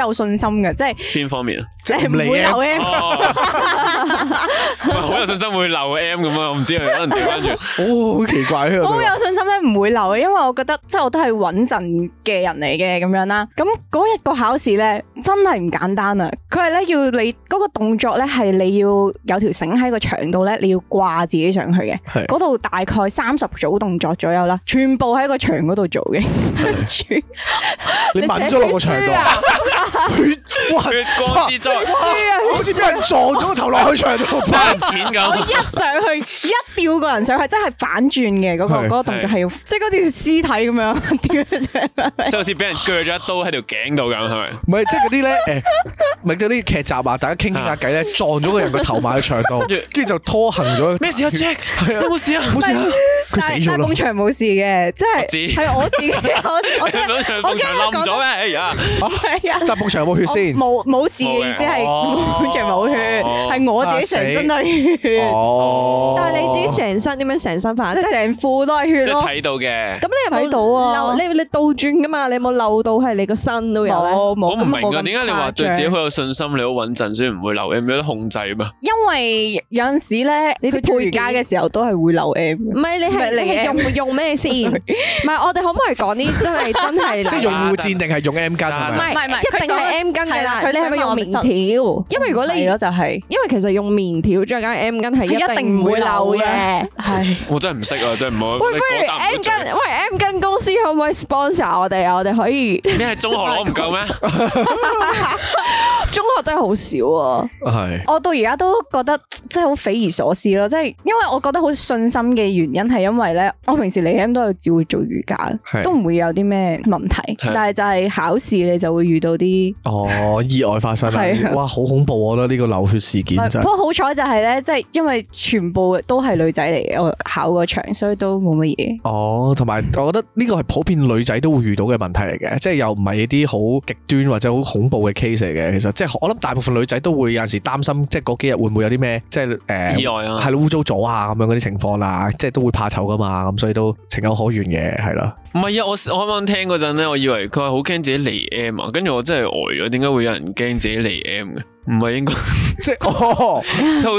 好有信心嘅，即係邊方面？即係唔會留 M，唔好有信心會留 M 咁我唔知有人關注， 哦，好奇怪，好有信心咧，唔會留，因為我覺得即係我都係穩陣嘅人嚟嘅咁樣啦。咁嗰一個考試咧，真係唔簡單啊！佢係咧要你嗰個動作咧，係你要有條繩喺個牆度咧，你要掛自己上去嘅。嗰度是的 大概三十組動作左右啦，全部喺個牆嗰度做嘅。血書、啊，你寫咗落個牆度？血書，血光之豬。好似俾人撞咗個頭落去牆度，拍錢噶！我一上去，一吊個人上去，真係反轉嘅嗰個，嗰個動作係要，即係嗰隻屍體咁樣，即係好似俾人鋸咗一刀喺條頸度咁，係咪？唔係，即係嗰啲咧，唔係嗰啲劇集啊！大家傾傾下偈咧，撞咗個人個頭埋去牆度，跟住就拖行咗。咩事啊，Jack？有冇事啊？冇事啊！但係蹦牆冇事嘅，即係係我自己，我我驚冧咗咩？哎呀，係啊！但係蹦牆有冇血先？冇冇事嘅意思係蹦牆冇血，係我自己成身都係血。哦，但係你自己成身點樣？成身粉，即係成褲都係血咯。即係睇到嘅。咁你有冇睇到啊？漏你你倒轉噶嘛？你有冇漏到係你個身都有咧？我我唔明噶，點解你話對自己好有信心？你好穩陣先唔會漏 M，有得控制嘛？因為有陣時咧，你佢配加嘅時候都係會漏 M。唔係你係。你係用用咩先？唔係，我哋可唔可以講啲真係真係？即係用護墊定係用 M 巾啊？唔係唔係，一定係 M 巾噶啦。佢係咪用棉條？因為如果你如果就係，因為其實用棉條將間 M 巾係一定唔會漏嘅。係，我真係唔識啊，真係唔好。喂，不如 M 巾，喂 M 巾公司可唔可以 sponsor 我哋啊？我哋可以。咩係中學攞唔夠咩？中學真係好少啊。係，我到而家都覺得真係好匪夷所思咯。即係因為我覺得好信心嘅原因係因。因為咧，我平時嚟 M 都係只會做瑜伽，是都唔會有啲咩問題。是但係就係考試，你就會遇到啲哦意外發生啦。 的哇，好恐怖啊！我覺得呢個流血事件，就是，不過好彩就係、是、咧，即係因為全部都係女仔嚟，嘅，我考過場，所以都冇乜嘢。哦，同埋我覺得呢個係普遍女仔都會遇到嘅問題嚟嘅，即係又唔係一啲好極端或者好恐怖嘅 case 嚟嘅。其實即係我諗大部分女仔都會有陣時擔心，即係嗰幾日會唔會有啲咩，即係誒、呃、意外啊，係污糟咗啊咁樣嗰啲情況啦，即係都會怕。頭噶嘛，咁，嗯，所以都情有可原嘅，係啦。唔係啊！我我啱啱聽嗰陣咧，我以為佢係好驚自己離 M 啊，跟住我真係呆咗。點解會有人驚自己離 M 嘅？唔係應該 即係，好、哦、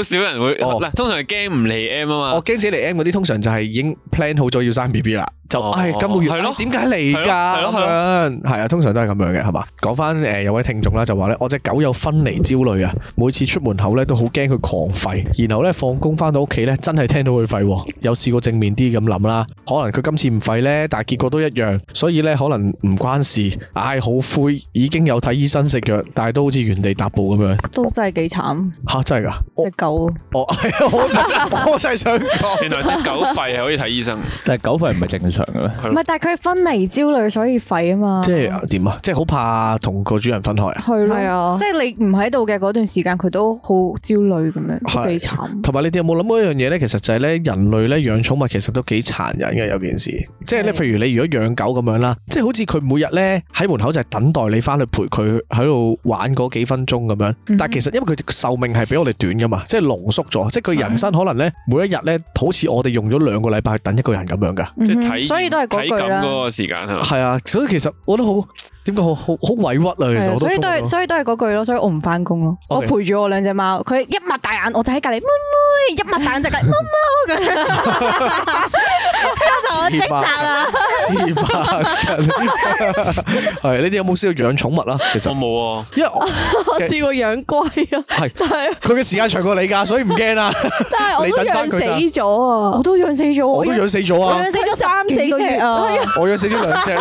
少人會。嗱、哦，通常係驚唔離 M 啊嘛。我驚、哦、自己離 M 嗰啲，通常就係已經 plan 好咗要生 B B 啦。就唉、哦哎，今個月。係咯、哦。點解離噶？係咯係啊，通常都係咁樣嘅，係嘛？講翻誒，有位聽眾咧就話咧，我隻狗有分離焦慮啊！每次出門口咧都好驚佢狂吠，然後咧放工翻到屋企咧真係聽到佢吠。有試過正面啲咁諗啦，可能佢今次唔吠咧，但係結我都一樣，所以咧可能唔關事，唉，好灰，已經有睇醫生食藥，但係都好似原地踏步咁樣，都真係幾慘。吓，真係㗎隻狗哦我， 我真係想講，原來隻狗吠係可以睇醫生，但係狗吠唔係正常嘅咩？唔係，但係佢分離焦慮，所以吠啊嘛，即係點啊？即係好怕同個主人分開啊？係咯的，的即係你唔喺度嘅嗰段時間，佢都好焦慮咁樣，都幾慘。同埋你哋有冇諗過一樣嘢咧？其實就係咧，人類咧養寵物其實都幾殘忍嘅，有件事，的即係咧，譬如你。如果養狗咁樣啦，即係好似佢每日咧喺門口就係等待你翻去陪佢喺度玩嗰幾分鐘咁樣。但係其實因為佢壽命係比我哋短噶嘛，就是，即係濃縮咗，即係佢人生可能咧每一日咧，好似我哋用咗兩個禮拜等一個人咁樣噶，嗯。所以都係嗰句啦。睇緊個時間啊，係啊。所以其實我都好。點解好好好委屈啊！所以都係所以都係嗰句咯，所以我唔翻工咯。我陪住我兩隻貓，佢一擘大眼我就喺隔籬，咪咪一擘大眼就隔貓貓咁。痴孖，痴孖筋。係你哋有冇試過養寵物啦？其實我冇啊，因為我試過養龜啊，係係佢嘅時間長過你噶，所以唔驚啦。但係我都養死咗啊，我都養死咗，我都養死咗啊，養死咗三四隻啊，我養死咗兩隻，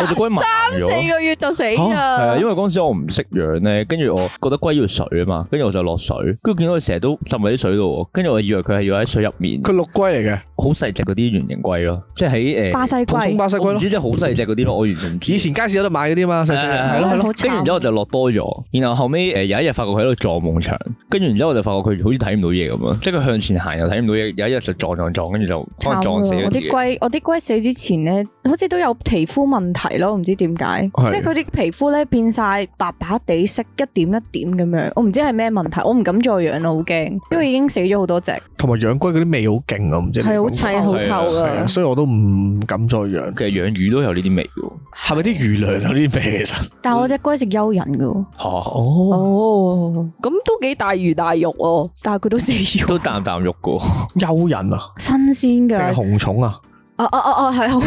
我就龜埋。三四個月。就死啊！係啊，因為嗰陣時我唔識養咧，跟住我覺得龜要水啊嘛，跟住我就落水，跟住見到佢成日都浸喺啲水度，跟住我以為佢係要喺水入面。佢陸龜嚟嘅，好細隻嗰啲圓形龜、欸、咯，即係喺巴西龜，巴西龜咯，即係好細隻嗰啲咯，我完全以前街市有得買嗰啲嘛，細細隻，跟住之後我就落多咗，然後後尾誒、呃、有一日發覺佢喺度撞夢牆，跟住然之後我就發覺佢好似睇唔到嘢咁樣，即係佢向前行又睇唔到嘢，有一日就撞撞撞，跟住就可能撞死。我啲龜，我啲龜死之前咧，好似都有皮膚問題咯，唔知點解。即佢啲皮膚咧變晒白白地色，一點一點咁樣，我唔知係咩問題，我唔敢再養啦，好驚，因為已經死咗好多隻，同埋養龜嗰啲味好勁啊，唔知係好對臭好臭啊，所以我都唔敢再養。其實養魚都有呢啲味，係咪啲魚糧有啲味其實？的 但係我隻龜食蚯蚓噶哦 哦，咁都幾大魚大肉哦，但係佢 都食咗，都啖啖肉噶蚯蚓啊，新鮮嘅紅蟲啊。哦哦哦哦，係好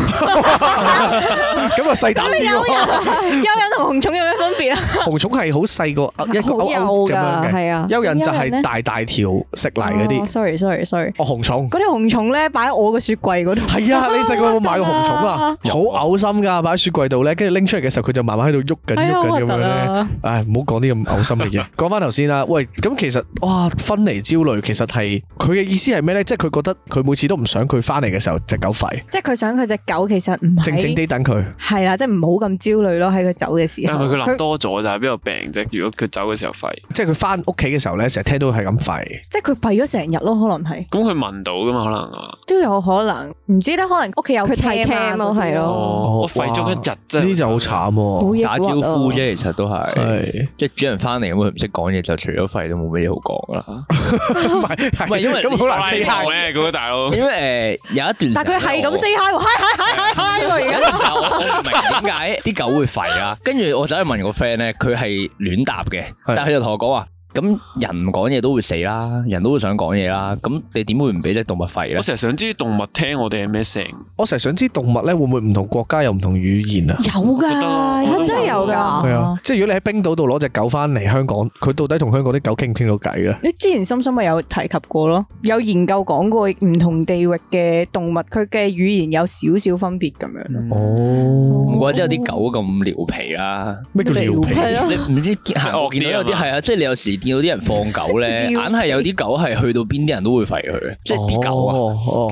咁啊！細膽啲喎。蚯蚓同紅蟲有咩分別啊？紅蟲係好細個，一個好幼嘅，係啊。蚯蚓就係大大條食泥嗰啲。Sorry，sorry，sorry。哦，紅蟲。嗰條紅蟲咧，擺喺我嘅雪櫃嗰度。係啊，你細個有冇買過紅蟲啊？好嘔心噶，擺喺雪櫃度咧，跟住拎出嚟嘅時候，佢就慢慢喺度喐緊喐緊咁樣咧。唉，唔好講啲咁嘔心嘅嘢。講翻頭先啦，喂，咁其實哇，分離焦慮其實係佢嘅意思係咩咧？即係佢覺得佢每次都唔想佢翻嚟嘅時候，隻狗吠。即係佢想佢隻狗其實唔係靜靜啲等佢係啦，即係唔好咁焦慮咯。喺佢走嘅時候，係咪佢諗多咗就係邊度病啫？如果佢走嘅時候吠，即係佢翻屋企嘅時候咧，成日聽到係咁吠。即係佢吠咗成日咯，可能係。咁佢聞到噶嘛？可能都有可能，唔知咧，可能屋企有佢聽咯，係咯。我吠咗一日，啫，呢就好慘哦！打招呼啫，其實都係，即係主人翻嚟咁，佢唔識講嘢，就除咗吠都冇咩嘢好講啦。唔係唔係，因為咁好難思考咧，咁樣大佬。因為誒有一段，但佢係好死閪喎，閪閪閪閪閪喎，而家，我唔明點解啲狗會吠啦。跟住我就去問個 friend 咧，佢係亂答嘅，但係佢就同我講話。咁人唔講嘢都會死啦，人都會想講嘢啦。咁你點會唔俾隻動物吠咧？我成日想知動物聽我哋係咩聲。我成日想知動物咧會唔會唔同國家有唔同語言啊？有噶的，真係有噶。係啊，即係如果你喺冰島度攞隻狗翻嚟香港，佢到底同香港啲狗傾唔傾到偈咧？你之前深深咪有提及過咯，有研究講過唔同地域嘅動物佢嘅語言有少少分別咁樣咯。嗯、哦，唔怪之有啲狗咁撩皮啦。咩叫撩皮啊？你唔知行路我見到有啲係啊，即係嗎、就是、你有時。見到啲人放狗咧，硬係有啲狗係去到邊啲人都會吠佢嘅，即係啲狗啊，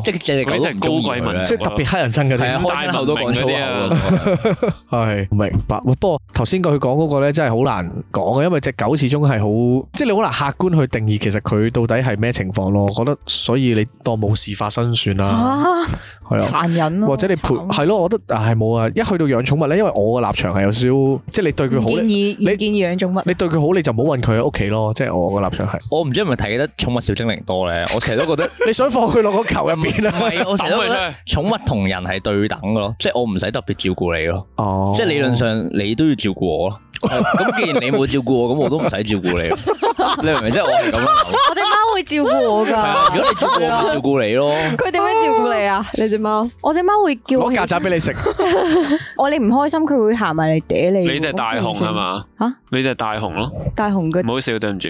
即係隻隻狗隻高貴民，即係特別乞人憎嘅啲，大狗都講粗啊，係明白。不過頭先佢講嗰個咧，真係好難講嘅，因為隻狗始終係好，即係你好難客觀去定義其實佢到底係咩情況咯。我覺得所以你當冇事發生算啦，係啊，殘忍，或者你陪係咯，我覺得係冇啊。一去到養寵物咧，因為我嘅立場係有少，即係你對佢好，建你建議養寵物，你對佢好你就唔好韞佢喺屋企咯。哦，oh，即係我個立場係，我唔知係咪睇得寵物小精靈多咧， 我成日都覺得你想放佢落個球入面，啊？係，我成日都覺得寵物同人係對等㗎咯，即係我唔使特別照顧你咯。哦，oh。即係理論上你都要照顧我咯。咁既然你冇照顧我，咁我都唔使照顧你，你明唔明？即係 我係咁樣諗。照顧我噶，如果你照顧我， 我照顧你咯。佢點樣照顧你啊？你隻貓，我隻貓會叫我你，我曱甴俾你食。我你唔開心，佢會行埋嚟嗲你。你隻大雄係嘛？吓，啊、你隻大雄咯。大雄嘅，唔好笑，對唔住。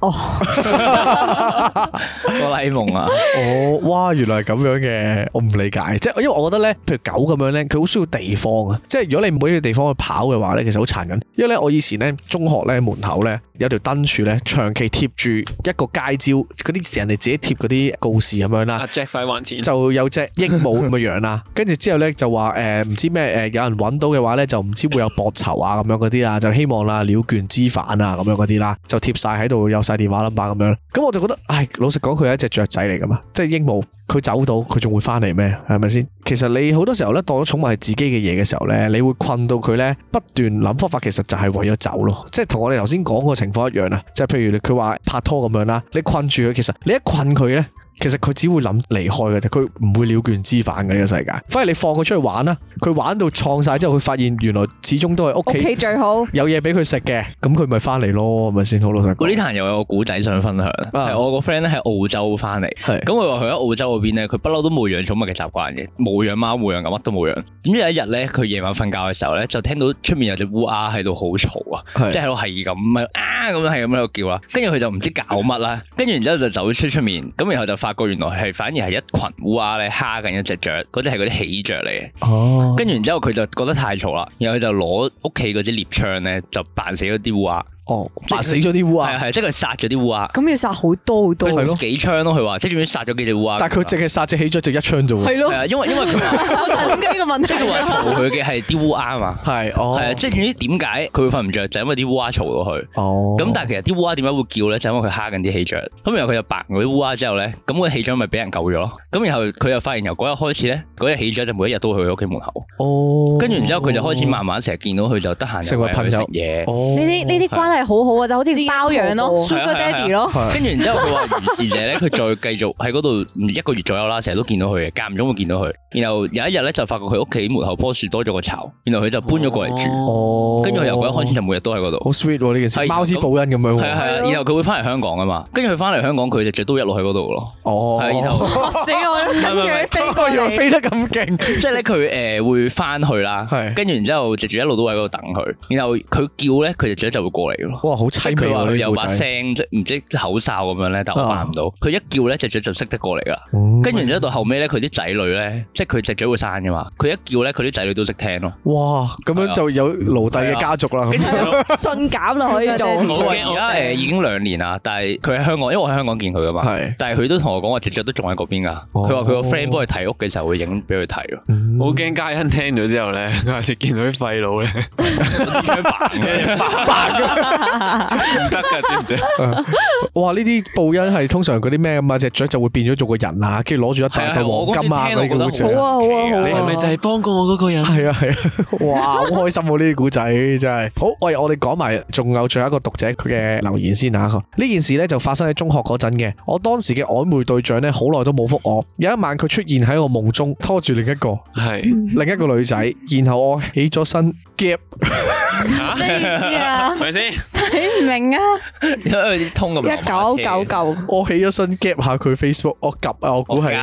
哦，多啦 A 夢啊！哦，哇，原來係咁樣嘅，我唔理解。即係 因為我覺得咧，譬如狗咁樣咧，佢好需要地方啊。即係如果你唔俾佢地方去跑嘅話咧，其實好殘忍。因為咧，我以前咧中學咧門口咧。有條燈柱咧，長期貼住一個街招，嗰啲人哋自己貼嗰啲告示咁樣啦，就有隻鸚鵡咁嘅樣啦。跟住之後咧就話誒，唔知咩誒、呃，有人搵到嘅話咧就唔知會有報酬啊，咁樣嗰啲啦，就希望啦鳥倦知返啊，咁樣嗰啲啦，就貼晒喺度，有晒電話 number 咁樣。咁我就覺得，唉，老實講，佢係一隻雀仔嚟噶嘛，即係鸚鵡。佢走到，佢仲會翻嚟咩？係咪先？其實你好多時候咧，當咗寵物係自己嘅嘢嘅時候咧，你會困到佢咧，不斷諗方法，其實就係為咗走咯，即係同我哋頭先講個情況一樣啦，即係譬如佢話拍拖咁樣啦，你困住佢，其實你一困佢咧。其實佢只會諗離開嘅啫，佢唔會了卻之返嘅呢個世界。嗯、反而你放佢出去玩啦，佢玩到創晒之後，佢發現原來始終都係屋企最好。有嘢俾佢食嘅，咁佢咪翻嚟咯，咪先好咯。老實，呢壇又有個古仔想分享，啊、我個 friend 喺澳洲翻嚟，係咁，佢話佢喺澳洲嗰邊咧，佢不嬲都冇養寵物嘅習慣嘅，冇養貓冇養狗，乜都冇養。點知有一日咧，佢夜晚瞓覺嘅時候咧，就聽到出面有隻烏鴉喺度好嘈啊，即係喺度係咁啊咁樣係咁喺度叫啦。跟住佢就唔知搞乜啦，跟住然之後就走出出面，咁然後就個原來係反而係一群烏鴉咧蝦緊一隻雀，嗰隻係嗰啲喜鵲嚟嘅。Oh. 跟住然之後佢就覺得太嘈啦，然後佢就攞屋企嗰支獵槍咧就扮死咗啲烏鴉。哦，殺死咗啲烏鴉，係係，即係殺咗啲烏鴉。咁要殺好多好多，係咯，幾槍咯，佢話，即係點樣殺咗幾隻烏鴉？但佢淨係殺隻喜雀，就一槍啫喎。係啊，因為因為佢點解呢個問？即係話吵佢嘅係啲烏鴉嘛。係，係啊，即係點解佢會瞓唔着？就因為啲烏鴉吵到佢。哦。咁但係其實啲烏鴉點解會叫咧？就因為佢蝦緊啲喜雀。咁然後佢就白嗰啲烏鴉之後咧，咁個喜雀咪俾人救咗。咁然後佢又發現由嗰日開始咧，嗰隻喜雀就每一日都去佢屋企門口。哦。跟住然之後佢就開始慢慢成日見到佢就得閒呢啲�係好好啊，就好似包養咯，Sugar Daddy 咯。跟住然之後佢話：如是者咧，佢再繼續喺嗰度一個月左右啦，成日都見到佢嘅，間唔中會見到佢。然後有一日咧，就發覺佢屋企門口棵樹多咗個巢，然後佢就搬咗過嚟住。哦，跟住由嗰一開始就每日都喺嗰度。好 sweet 呢件事，貓之報恩咁樣。係啊係啊，然後佢會翻嚟香港啊嘛，跟住佢翻嚟香港，佢就隻雀都一路喺嗰度咯。哦，係然後。死我啦！飛過嚟飛得咁勁。即係咧，佢誒會翻去啦，跟住然之後，隻住一路都喺嗰度等佢。然後佢叫咧，佢隻雀就會過嚟。哇，好黐佢話，佢有把聲，即唔知口哨咁樣咧，但我扮唔到。佢一叫咧，隻雀就識得過嚟啦。跟住咧，到後尾咧，佢啲仔女咧，即係佢隻雀會生噶嘛。佢一叫咧，佢啲仔女都識聽咯。哇，咁樣就有奴隸嘅家族啦，順減落去就。好啊，而家誒已經兩年啦，但係佢喺香港，因為我喺香港見佢噶嘛。但係佢都同我講話，隻雀都仲喺嗰邊噶。佢話佢個 friend 幫佢睇屋嘅時候會影俾佢睇咯。好驚嘉欣聽咗之後咧，見到啲廢佬咧。唔得噶，知唔知？ 哇！呢啲報恩係通常嗰啲咩咁啊？隻雀就會變咗做個人啦，跟住攞住一大袋，袋，袋黃金啊！呢個字，啊、你係咪就係幫過我嗰個人？係啊，係啊！哇，好開心啊！呢啲古仔真係好。喂，我哋講埋仲有最後一個讀者佢嘅留言先啊！呢 件事呢，就發生喺中學嗰陣嘅。我當時嘅曖昧對象呢，好耐都冇覆我。有一晚佢出現喺我夢中，拖住另一個，係的另一個女仔，然後我起咗身夾。夾 咩意思啊？係咪先睇唔明啊？因為啲通咁一九九九，我起咗身 gap 下佢 Facebook，我夾啊！我估係，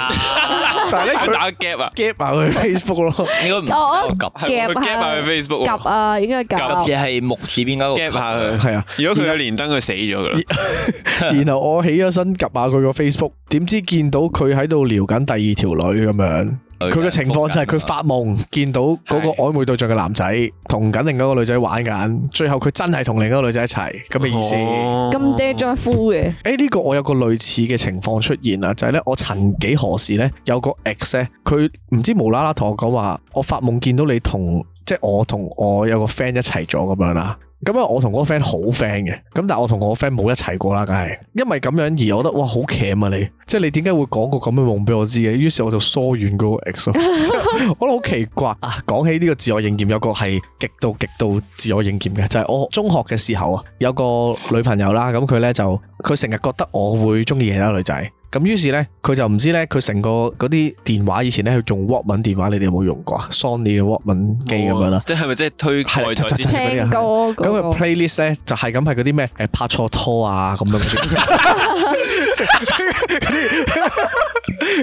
但係咧佢打 gap 啊，gap 下佢 Facebook 咯，應該唔我夾 gap 下佢 Facebook，夾啊，應該夾，夾係木字邊個 gap 下佢？係啊，如果佢有連登，佢死咗噶啦。然後我起咗身夾下佢個 Facebook，點知見到佢喺度撩緊第二條女咁樣。佢嘅情況就係佢發夢見到嗰個曖昧對象嘅男仔同緊另一個女仔玩緊，最後佢真係同另一個女仔一齊咁嘅意思。咁爹張夫嘅。誒，呢個我有個類似嘅情況出現啦，就係咧，我曾幾何時咧有個 ex，佢唔知無啦啦同我講話，我發夢見到你同即係我同我有個 friend 一齊咗咁樣啦。咁啊、嗯，我同嗰個 friend 好 friend 嘅，咁但係我同我個 friend 冇一齊過啦，梗係，因為咁樣而我覺得哇好邪啊你，即係你點解會講個咁嘅夢俾我知嘅？於是我就疏遠嗰個 ex，咯，我覺得好奇怪啊！講起呢個自我應驗，有個係極度極度自我應驗嘅，就係、是、我中學嘅時候啊，有個女朋友啦，咁佢咧就佢成日覺得我會中意其他女仔。咁於是咧，佢就唔知咧，佢成個嗰啲電話以前咧，佢用 Walkman 電話，你哋有冇用過啊？Sony 嘅 Walkman 機咁樣啦，即係咪即係推介就聽歌咁個 playlist 咧，就係咁，係嗰啲咩誒拍錯拖啊咁樣嗰啲。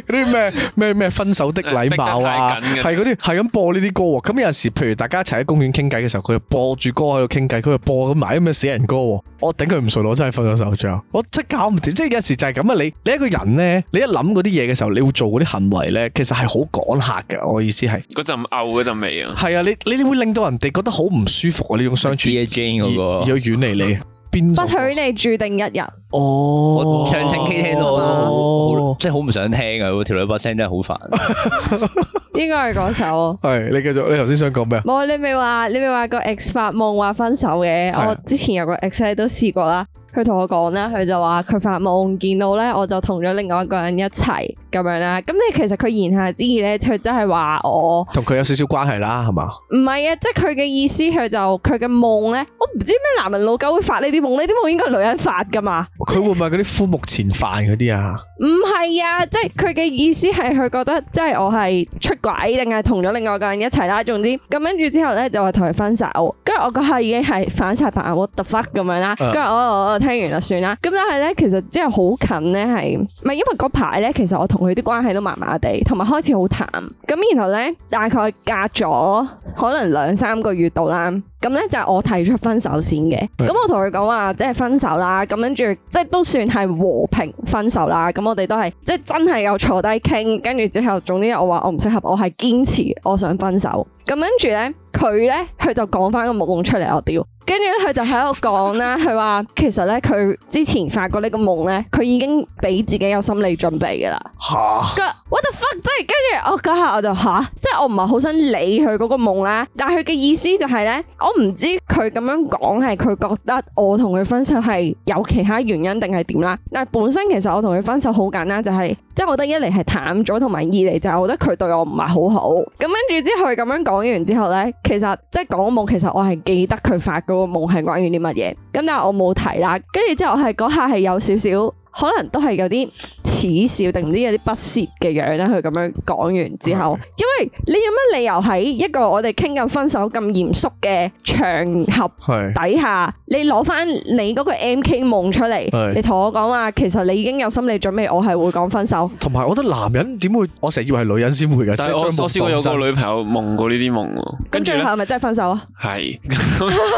嗰啲咩咩咩分手的禮貌啊，係嗰啲係咁播呢啲歌喎。咁有陣時，譬如大家一齊喺公園傾偈嘅時候，佢就播住歌喺度傾偈，佢就播咁埋啲咩死人歌喎。我頂佢唔順，我真係分咗手掌。我真，我真搞唔掂，即係有陣時就係咁啊！你你一個人咧，你一諗嗰啲嘢嘅時候，你會做嗰啲行為咧，其實係好趕客噶。我意思係嗰陣漚嗰陣味啊，係啊，你你會令到人哋覺得好唔舒服啊！呢種相處而而要遠離你。 不許你注定一人。哦，唱清 K、oh, 聽到，即係好唔想聽啊！條女把聲真係好煩， 應該係嗰首。係 你繼續，你頭先想講咩啊？冇，你咪話，你咪話個 ex 發夢話分手嘅。我之前有個 ex 都試過啦，佢同我講咧，佢就話佢發夢見到咧，我就同咗另外一個人一齊。咁樣啦，咁你其實佢言下之意咧，佢真係話我同佢有少少關係啦，係嘛？唔係啊，即係佢嘅意思，佢就佢嘅夢咧，我唔知咩男人老狗會發呢啲夢，呢啲夢應該女人發噶嘛？佢會唔會嗰啲枯目前飯嗰啲啊？唔係 啊，即係佢嘅意思係佢覺得，即係我係出軌定係同咗另外一個人一齊啦，總之咁跟住之後咧就話同佢分手，跟住我嗰下已經係反晒白眼，what the fuck 咁樣啦，跟住我我聽完就算啦。咁但係咧其實即係好近咧，係唔係因為嗰排咧其實我同。同佢啲關係都麻麻地，同埋開始好淡。咁然後呢，大概隔咗可能兩三個月到啦。咁呢，就係我提出分手先嘅。咁是的 我同佢講話，即係分手啦。咁跟住，即係都算係和平分手啦。咁我哋都係即係真係有坐低傾，跟住之後，總之我話我唔適合，我係堅持，我想分手。咁跟住呢，佢呢，佢就講翻個目錄出嚟我屌。跟住佢就喺度講啦，佢話其實咧，佢之前發過呢個夢咧，佢已經俾自己有心理準備嘅啦。吓！what the fuck！即係跟住我嗰下我就吓，即係我唔係好想理佢嗰個夢咧。但係佢嘅意思就係咧，我唔知佢咁樣講係佢覺得我同佢分手係有其他原因定係點啦。但本身其實我同佢分手好簡單，就係，就係即係我覺得一嚟係淡咗，同埋二嚟就係我覺得佢對我唔係好好。咁跟住之後佢咁樣講完之後咧，其實即係講夢，其實我係記得佢發。個夢係關於啲乜嘢？咁但係我冇提啦，跟住之後我係嗰下係有少少，可能都係有啲。恥笑定啲有啲不屑嘅樣咧，佢咁樣講完之後，因為你有乜理由喺一個我哋傾緊分手咁嚴肅嘅場合底下，你攞翻你嗰個 MK 夢出嚟，你同我講話，其實你已經有心理準備，我係會講分手。同埋，我覺得男人點會，我成日以為係女人先會㗎。但係我試過有個女朋友夢過呢啲夢喎。咁最後係咪真係分手啊？係，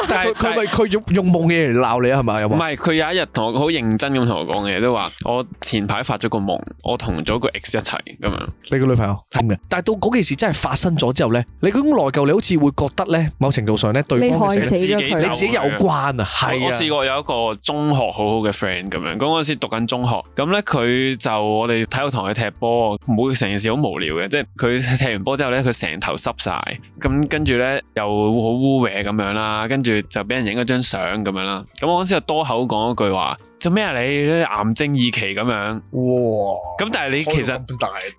但係佢咪佢用用夢嘅嚟鬧你啊？係嘛，又唔係？唔係，佢有一日同我好認真咁同我講嘅，都話我前排發咗。個夢，我同咗個 ex 一齊咁樣，你個女朋友，係嗎？但係到嗰件事真係發生咗之後咧，你嗰種內疚，你好似會覺得咧，某程度上咧，對方自己你自己有關啊。係，我試、啊、過有一個中學好好嘅 friend 咁樣，嗰、那、陣、個、時讀緊中學，咁咧佢就我哋體育堂去踢波，唔會成件事好無聊嘅，即係佢踢完波之後咧，佢成頭濕晒，咁跟住咧又好污歪咁樣啦，跟住就俾人影咗張相咁樣啦。咁我嗰陣時就多口講一句話，做咩啊你？癌症二期咁樣，哇！咁但係你其實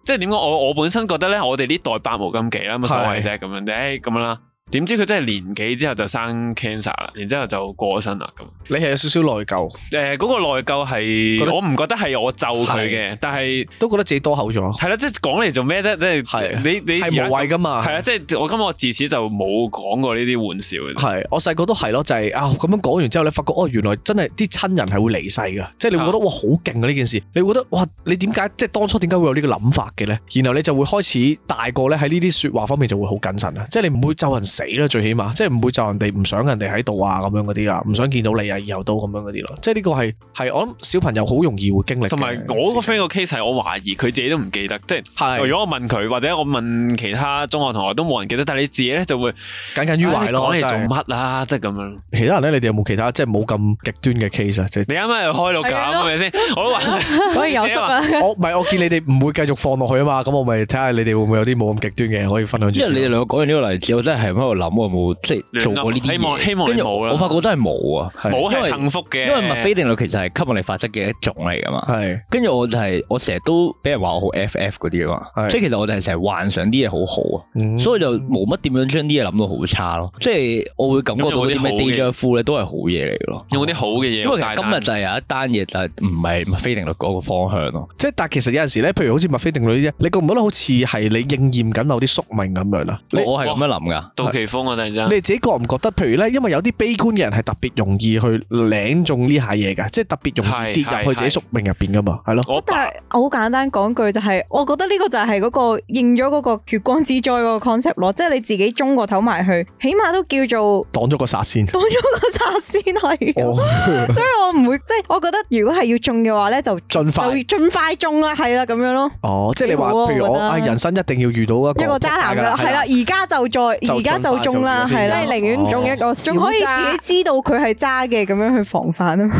即係點講？我我本身覺得咧，我哋呢代百無禁忌啦，冇所謂啫咁樣。係。。誒、欸、咁樣啦。點知佢真係年幾之後就生 cancer 啦，然之後就過身啦咁。你係有少少內疚誒，嗰、呃那個內疚係我唔覺得係我，我咒佢嘅，是但係是都覺得自己多口咗。係啦，即係講嚟做咩啫？即係係你你係無謂噶嘛？係啦，即、就、係、是、我今日我自始就冇講過呢啲玩笑係我細個都係咯，就係啊咁樣講完之後咧，發覺哦、呃、原來真係啲親人係會離世噶，即、就、係、是、你會，會覺得、啊、哇好勁啊呢件事，你會覺得哇你點解即係當初點解會有個呢個諗法嘅咧？然後你就會開始大個咧喺呢啲說話方面就會好謹慎啊，即、就、係、是、你唔會咒人。死啦！最起碼即係唔會就人哋唔想人哋喺度啊，咁樣嗰啲啦，唔想見到你啊，以後都咁樣嗰啲咯。即係呢個係係我諗小朋友好容易會經歷。同埋我個 friend 個 case 係我懷疑佢自己都唔記得，即係係如果我問佢或者我問其他中學同學都冇人記得，但係你自己咧就會耿耿於懷咯。即係、哎、做乜啦？即係咁樣。其他人咧，你哋有冇其他即係冇咁極端嘅 case 啊、就是？你啱啱又開到架，係咪的先？我話 可以有心、啊、 我唔係我見你哋唔會繼續放落去啊嘛。咁我咪睇下你哋會唔會有啲冇咁極端嘅可以分享。因為你哋兩個講完呢個例子，我真係我諗我有冇即係做過呢啲嘢，希望。我發覺真係冇啊，冇係幸福嘅。因為墨菲定律其實係吸引你法則嘅一種嚟噶嘛。係，跟住我就係我成日都俾人話我好 FF 嗰啲啊嘛。即係其實我就係成日幻想啲嘢好好啊，所以就冇乜點樣將啲嘢諗到好差咯。即係我會感覺到啲咩低張負咧都係好嘢嚟咯。有冇啲好嘅嘢？因為今日就係有一單嘢就係唔係墨菲定律嗰個方向咯。即係但係其實有陣時咧，譬如好似墨菲定律呢，你覺唔覺得好似係你應驗緊某啲宿命咁樣啊？我係咁樣諗噶。奇風啊！突然你自己覺唔覺得？譬如咧，因為有啲悲觀嘅人係特別容易去領中呢下嘢㗎，即係特別容易跌入去自己宿命入邊㗎嘛，係咯。但係好簡單講句就係、是，我覺得呢個就係嗰個應咗嗰個血光之災個 concept 咯，即係你自己中個頭埋去，起碼都叫做擋咗個殺先， 擋咗個殺先係。哦、 所以我唔會即係我，我覺得，如果係要中嘅話咧，就盡快盡快中啦，係啦咁樣咯。哦，即係你話譬如我人生一定要遇到一個渣男㗎，係啦，而家就再在而家。就中啦，係即係寧願中一個，仲可以自己知道佢係渣嘅咁樣去防範啊。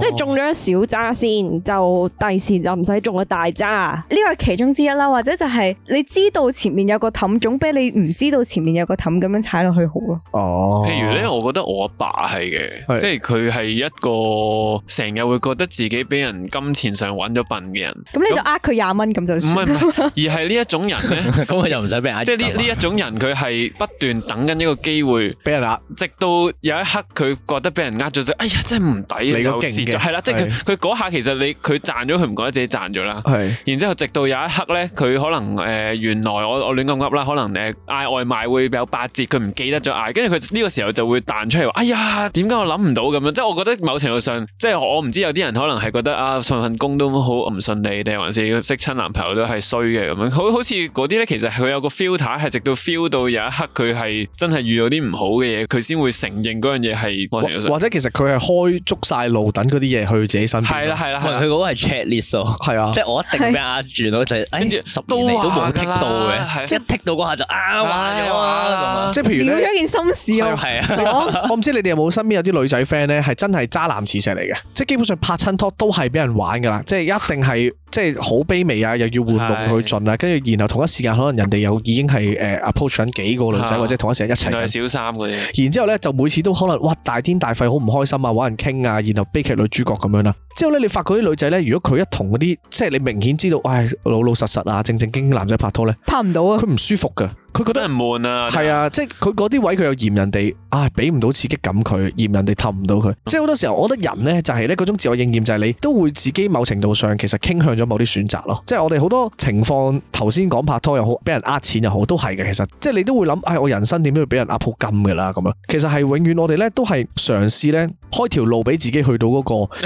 即係中咗一小渣先，就第時就唔使中個大渣。呢個係其中之一啦，或者就係你知道前面有個氹，總比你唔知道前面有個氹咁樣踩落去好咯。哦，譬如咧，我覺得我阿爸係嘅，即係佢係一個成日會覺得自己俾人金錢上揾咗笨嘅人。咁你就呃佢廿蚊咁就唔係唔係，而係呢一種人咧，咁我又唔使俾即係呢呢一種人佢係。不斷等緊一個機會俾人呃，直到有一刻佢覺得俾人呃咗，就哎呀，真係唔抵你個勁係啦，了是的 即係佢佢嗰下其實你佢賺咗，佢唔覺得自己賺咗啦。是的 然之後直到有一刻呢，佢可能誒、呃、原來我我亂咁噏啦，可能誒嗌、呃、外賣會有八折，佢唔記得咗嗌，跟住佢呢個時候就會彈出嚟話：哎呀，點解我諗唔到咁樣？即係我覺得某程度上，即係我唔知有啲人可能係覺得啊，份份工都好唔順利定還是識親男朋友都係衰嘅咁樣，好似嗰啲呢，其實佢有個 filter 係直到 feel 到。有一刻佢係真係遇到啲唔好嘅嘢，佢先會承認嗰樣嘢係，或者其實佢係開足晒路等嗰啲嘢去自己身邊。係啦係啦，佢嗰個係 check list 咯，係啊，即係我一定俾壓住咯，就係跟住十年嚟都冇 tick 到嘅，即一 tick 到嗰下就啱玩咗啊！即係，了一件心事我我唔知你哋有冇身邊有啲女仔 friend 咧，係真係渣男磁石嚟嘅，即係基本上拍親拖都係俾人玩噶啦，即係一定係即係好卑微啊，又要換路去盡啊，跟住然後同一時間可能人哋又已經係誒 approach 緊幾。幾個女仔、啊、或者同一時間一齊嘅小三嗰啲，然之後咧就每次都可能哇大癲大肺，好唔開心啊，搵人傾啊，然後悲劇女主角咁樣啦。之後咧你發覺啲女仔咧，如果佢一同嗰啲即係你明顯知道，唉、哎、老老實實啊正正經經男仔拍拖咧，拍唔到啊，佢唔舒服噶。佢覺得唔悶啊，係啊的，即係佢嗰啲位佢又嫌人哋啊，俾唔到刺激感佢，嫌人哋氹唔到佢。即係好多時候，我覺得人呢，就係呢嗰種自我應驗，就係你都會自己某程度上其實傾向咗某啲選擇咯。即係我哋好多情況，頭先講拍拖又好，俾人呃錢又好，都係嘅。其實即係你都會諗，唉，我人生點解要俾人呃鋪金㗎啦？咁樣其實係永遠我哋呢，都係嘗試呢，開條路俾自己去到嗰、嗰個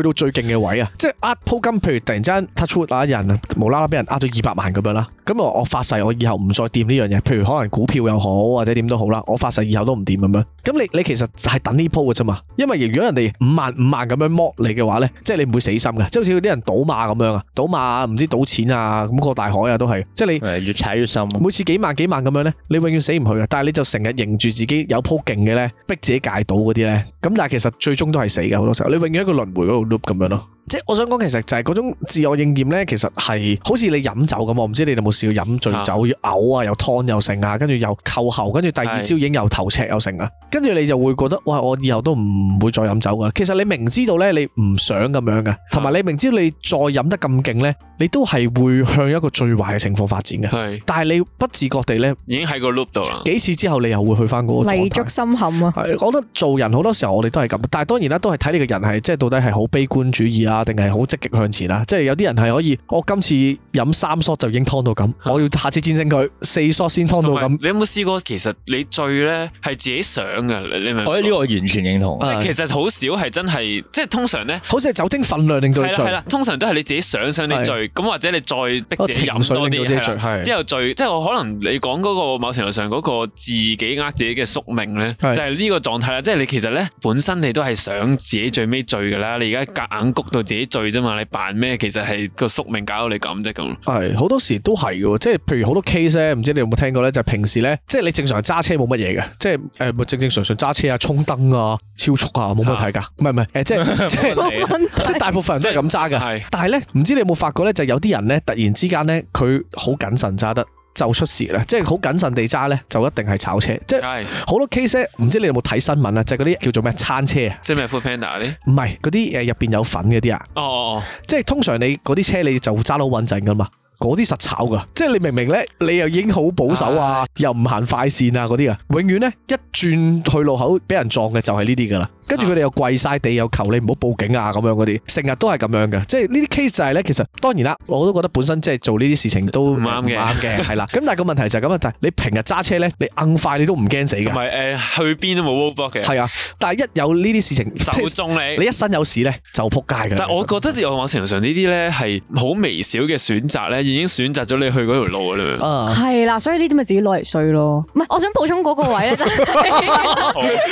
去到最勁嘅位啊！即係呃鋪金，譬如突然之間 touch wood 啊人啊，無啦啦俾人呃咗二百萬咁樣啦，咁我我發誓我以後唔再掂呢樣。譬如可能股票又好，或者點都好啦，我發誓以後都唔點咁樣。咁你你其實就係等呢鋪嘅啫嘛，因為如果人哋五萬五萬咁樣剝你嘅話咧，即係你唔會死心嘅，即係好似嗰啲人賭馬咁樣啊，賭馬唔知賭錢啊，咁過大海啊都係，即係你越踩越深，每次幾萬幾萬咁樣咧，你永遠死唔去嘅，但係你就成日認住自己有鋪勁嘅咧，逼自己戒賭嗰啲咧，咁但係其實最終都係死嘅，好多時候，你永遠一個輪迴嗰度 loop 咁樣咯。即係我想講其實就係嗰種自我應驗咧，其實係好似你飲酒咁啊，我唔知你哋有冇試過飲醉酒要嘔啊，又㓥又成啊，跟住又扣喉，跟住第二朝已經又頭赤又成啊。跟住你就會覺得，哇！我以後都唔會再飲酒㗎。其實你明知道呢，你唔想咁樣嘅，同埋你明知你再飲得咁勁呢，你都係會向一個最壞嘅情況發展嘅。係，但係你不自覺地呢，已經喺個 loop 度啦。幾次之後，你又會去返嗰個泥足深陷啊。係，我覺得做人好多時候我哋都係咁，但係當然啦，都係睇你個人係即係到底係好悲觀主義啊，定係好積極向前啦、啊。即係有啲人係可以，我今次飲三縮就已經劏到咁，係，我要下次戰勝佢四縮先劏到咁。你有冇試過？其實你醉呢，係自己想。你明？我呢個完全認同。即係其實好少係真係，即係通常咧，好似係酒精份量令到醉。係啦，通常都係你自己想想啲醉，咁的或者你再逼自己飲多啲，之後醉。即係我可能你講嗰個某程度上嗰個自己呃自己嘅宿命咧，的就係呢個狀態啦。即係你其實咧本身你都係想自己最尾醉嘅啦，你而家夾硬谷到自己醉啫嘛。你扮咩？其實係個宿命搞到你咁啫咁。係好多時都係嘅，即係譬如好多 case 咧，唔知你有冇聽過咧？就係、是、平時咧，即係你正常揸車冇乜嘢嘅，即係誒常常揸車啊，衝燈啊，超速啊，冇乜睇噶，唔係唔係，誒、 呃，即係 即係即係，大部分人都係咁揸嘅。係即，但係咧，唔知你有冇發覺咧，就是、有啲人咧，突然之間咧，佢好謹慎揸得就出事啦，即係好謹慎地揸咧，就一定係炒車，即係好的多 case。唔知你有冇睇新聞啊？就嗰、是、啲叫做咩餐車啊，即係咩 food panda 嗰啲，唔係嗰啲誒入邊有粉嗰啲啊。哦哦哦，即係通常你嗰啲車你就揸到好穩陣噶嘛。嗰啲實炒㗎，即係你明明呢，你又已經好保守啊，啊又唔行快線啊，嗰啲啊，永遠呢，一轉去路口俾人撞嘅就係呢啲㗎喇。跟住佢哋又跪晒地，啊、又求你唔好報警啊！咁樣嗰啲，成日都係咁樣嘅。即係呢啲 case 就係、是、咧，其實當然啦，我都覺得本身即係做呢啲事情都唔啱嘅，係啦。咁 但係個問題就係咁樣！但係你平日揸車咧，你硬快你都唔驚死嘅。唔係、呃、去邊都冇 w o 烏波嘅。係啊，但係一有呢啲事情，就中你。你一身有屎咧，就撲街嘅。但係我覺得，往往常常呢啲咧係好微小嘅選擇咧，已經選擇咗你去嗰條路啦。啊，係啦，所以呢啲咪自己攞嚟衰咯。唔係，我想補充嗰個位咧，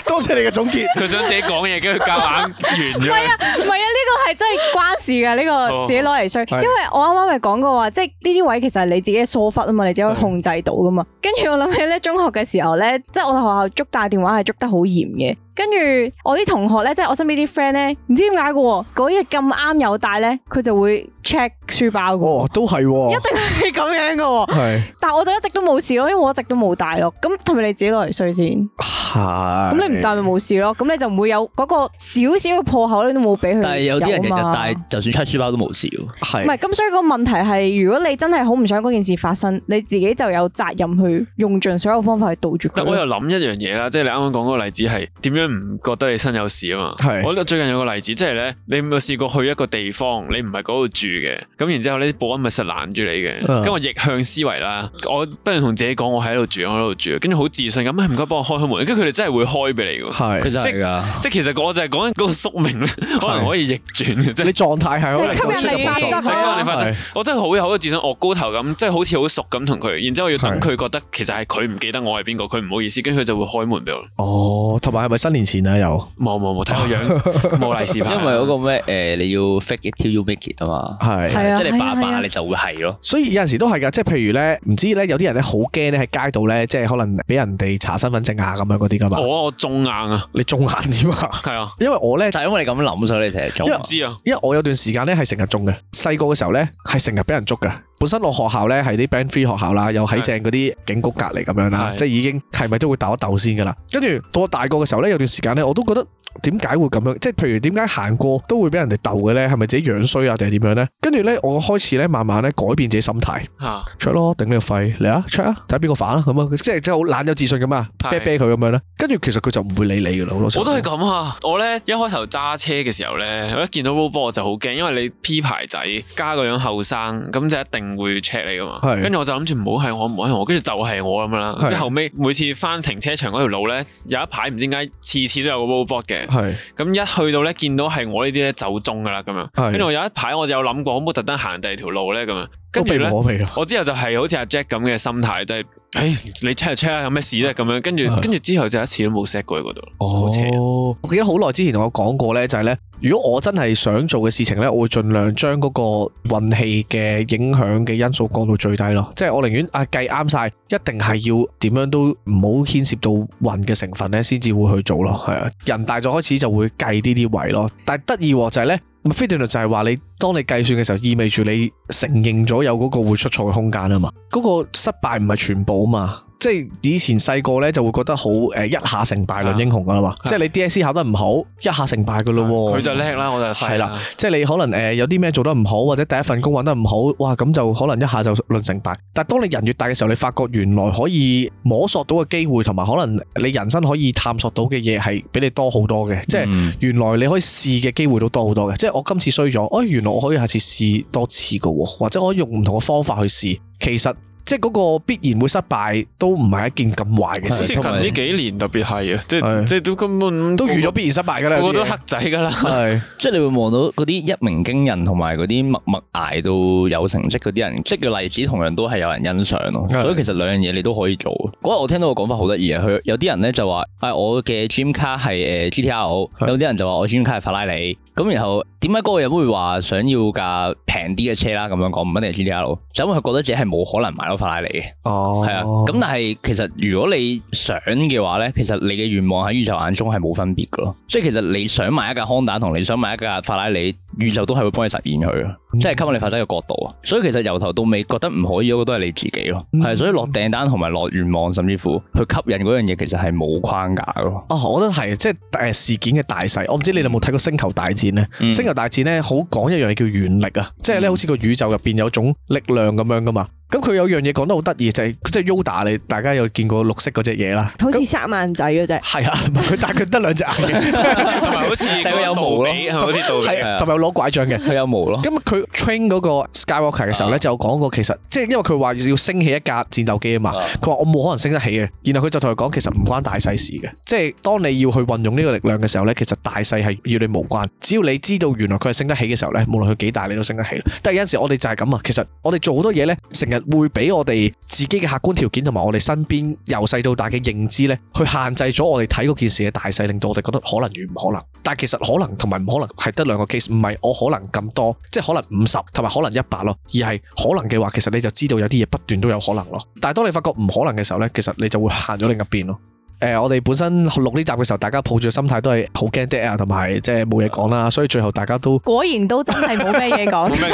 多 謝，謝你嘅總結。佢 想自講嘢 跟住夾硬完咗。係啊，唔係啊，呢、這個係真係關事噶，呢、這個自己攞嚟衰。 因為我啱啱咪講過話，即係呢啲位其實係你自己嘅疏忽啊嘛，你自己可以控制到噶嘛。跟住我諗起咧，中學嘅時候咧，即係我哋學校捉大電話係捉得好嚴嘅。跟住我啲同學咧，即係我身邊啲 friend 咧，唔知點解嘅，嗰日咁啱有帶咧，佢就會 check 書包嘅。哦，都係、哦，一定係咁樣嘅。係，但係我就一直都冇事咯，因為我一直都冇帶咯。咁係咪你自己攞嚟衰先？係。咁你唔帶咪冇事咯？咁你就唔會有嗰個少少嘅破口，你都冇俾佢。但係有啲人其實帶，就算 check 書包都冇事。係。唔係，咁所以個問題係，如果你真係好唔想嗰件事發生，你自己就有責任去用盡所有方法去杜絕佢。但我又諗一樣嘢啦，即係你啱啱講嗰個例子係點樣？唔覺得你身有事啊嘛是？係，我覺得最近有個例子，即係咧，你有冇試過去一個地方？你唔係嗰度住嘅，咁然之後咧，保安咪實攔住你嘅。咁我逆向思維啦，我不如同自己講，我喺度住，我喺度住，跟住好自信咁，唔該幫我開開門。跟住佢哋真係會開俾你㗎。係是，即係㗎的，即其實我就係講緊嗰個宿命可能可以逆轉嘅。即是 你狀態係，好係吸引力啊！是我真係好有好自信，戇高頭咁，即係好似好熟咁同佢。然之後要等佢覺得其實係佢唔記得我係邊個，佢唔好意思，跟住佢就會開門俾我。哦，同埋係咪新年前啦，又冇冇冇睇個樣冇利 是派，因為嗰個咩誒、呃，你要 fake it till you make it 啊嘛，係、 啊，即係你爸爸你就會係咯，啊啊啊、所以有陣時都係噶，即係譬如咧，唔知咧，有啲人咧好驚咧喺街度咧，即係可能俾人哋查身份證啊咁樣嗰啲噶嘛，我中硬啊，你中硬點啊？係啊，因為我咧，但係因為你咁諗所以你成日中，我唔知啊，知因為我有段時間咧係成日中嘅，細個嘅時候咧係成日俾人捉噶。本身落學校咧係啲 band three 學校啦，又喺正嗰啲警局隔離咁樣啦，的即係已經係咪都會鬥一鬥先噶啦？跟住到我大個嘅時候咧，有段時間咧，我都覺得點解會咁樣？即係譬如點解行過都會俾人哋鬥嘅咧？係咪自己樣衰啊？定係點樣咧？跟住咧，我開始咧，慢慢咧改變自己心態嚇出、啊、咯，頂你個肺嚟啊，出啊，睇邊個反啊咁啊，即係即係好懶有自信咁啊，啤啤佢咁樣咧。跟住其實佢就唔會理你噶啦，好多時我都係咁啊！我咧一開頭揸車嘅時候咧，我一見到 r o b o 就好驚，因為你 P 牌仔加個樣後生，咁就一定。唔會 check 你噶嘛，跟住是的 我就諗住唔好係我唔好係我，跟住就係我咁樣啦。即是的 後尾每次翻停車場嗰條路咧，有一排唔知點解次次都有個 bot 嘅，係咁是的 一去到咧，見到係我呢啲咧就中噶啦咁樣。跟住我有一排我就有諗過好好，可唔可以特登行第二條路咧咁樣？跟住咧，我之後就係好似阿 Jack 咁嘅心態，就係、是、誒、哎、你 check check 啦，有咩事咧、啊、咁樣。跟住跟住之後就一次都冇 set 過喺嗰度。哦，我記得好耐之前同我講過咧，就係、是、咧，如果我真係想做嘅事情咧，我會盡量將嗰個運氣嘅影響嘅因素降到最低咯。即、就、係、是、我寧願啊計啱晒，一定係要點樣都唔好牽涉到運嘅成分咧，先至會去做咯。係啊，人大咗開始就會計呢啲位咯。但係得意就係、是、咧，墨菲定律就係話你。當你計算嘅時候，意味住你承認咗有嗰個會出錯嘅空間啊嘛，嗰、那個失敗唔係全部啊嘛，即係以前細個咧就會覺得好誒、呃、一下成敗論英雄噶啦嘛，啊、即係你 DSE 考得唔好，一下成敗噶咯，佢、啊、就叻啦，嗯、我就係啦，嗎即係你可能誒、呃、有啲咩做得唔好或者第一份工搵得唔好，哇咁就可能一下就論成敗。但係當你人越大嘅時候，你發覺原來可以摸索到嘅機會，同埋可能你人生可以探索到嘅嘢係比你多好多嘅，嗯、即係原來你可以試嘅機會都多好多嘅，即係、嗯、我今次衰咗，誒、哎、原我可以下次試多次嘅，或者我可以用唔同嘅方法去試，其實。即係嗰個必然會失敗，都唔係一件咁壞嘅事。近呢幾年特別係啊，即係即係都根本都預咗必然失敗㗎啦，個個都黑仔㗎啦的。即係 你會望到嗰啲一鳴驚人同埋嗰啲默默捱到有成績嗰啲人，即係個例子同樣都係有人欣賞咯。是的 所以其實兩樣嘢你都可以做。嗰日是的 我聽到個講法好得意啊，有啲人咧就話是的、哎：，我嘅 Gym 卡係誒 GTR，有啲人就話我 Gym 卡係法拉利。咁然後點解嗰個人會話想要架平啲嘅車啦？咁樣講唔一定係 GTR，就因為佢覺得自己係冇可能買法拉利嘅，哦是，係啊，咁但係其實如果你想嘅話咧，其實你嘅願望喺宇宙眼中係冇分別噶咯，所以其實你想買一架 Honda 同你想買一架法拉利。宇宙都係會幫你實現佢咯，即係吸引你發展嘅角度啊。嗯、所以其實由頭到尾覺得唔可以嗰、那個都係你自己咯。係、嗯、所以落訂單同埋落願望，甚至乎去吸引嗰樣嘢，其實係冇框架咯。哦，我都係，即係誒事件嘅大細。我唔知你哋有冇睇過星球大戰咧？嗯、星球大戰咧好講一樣嘢叫原力啊，嗯、即係咧好似個宇宙入邊有種力量咁樣噶嘛。咁佢有樣嘢講得好得意就係、是，即係 Yoda 你大家有見過綠色嗰隻嘢啦，好似沙曼仔嗰隻。係啊，但係佢得兩隻兩隻眼，同埋 好似有毛好似杜同埋攞拐杖嘅，佢有毛咯。咁佢 train 嗰個 Skywalker 嘅時候咧，啊、就講過其實，即係因為佢話要升起一架戰鬥機啊嘛。佢話、啊、我冇可能升得起嘅。然後佢就同佢講，其實唔關大細事嘅。即係當你要去運用呢個力量嘅時候咧，其實大細係與你無關。只要你知道原來佢係升得起嘅時候咧，無論佢幾大，你都升得起。但係有陣時我哋就係咁啊。其實我哋做好多嘢咧，成日會俾我哋自己嘅客觀條件同埋我哋身邊由細到大嘅認知咧，去限制咗我哋睇嗰件事嘅大細，令到我哋覺得可能與唔可能。但係其實可能同埋唔可能係得兩個 case，唔係。我可能咁多，即係可能五十，同埋可能一百咯。而係可能嘅話，其實你就知道有啲嘢，不斷都有可能咯。但係當你發覺唔可能嘅時候咧，其實你就會行咗另一邊咯。誒、呃，我哋本身錄呢集嘅時候，大家抱住嘅心態都係好驚 dead 啊，同埋即係冇嘢講啦，所以最後大家都果然都真係冇咩嘢講。同埋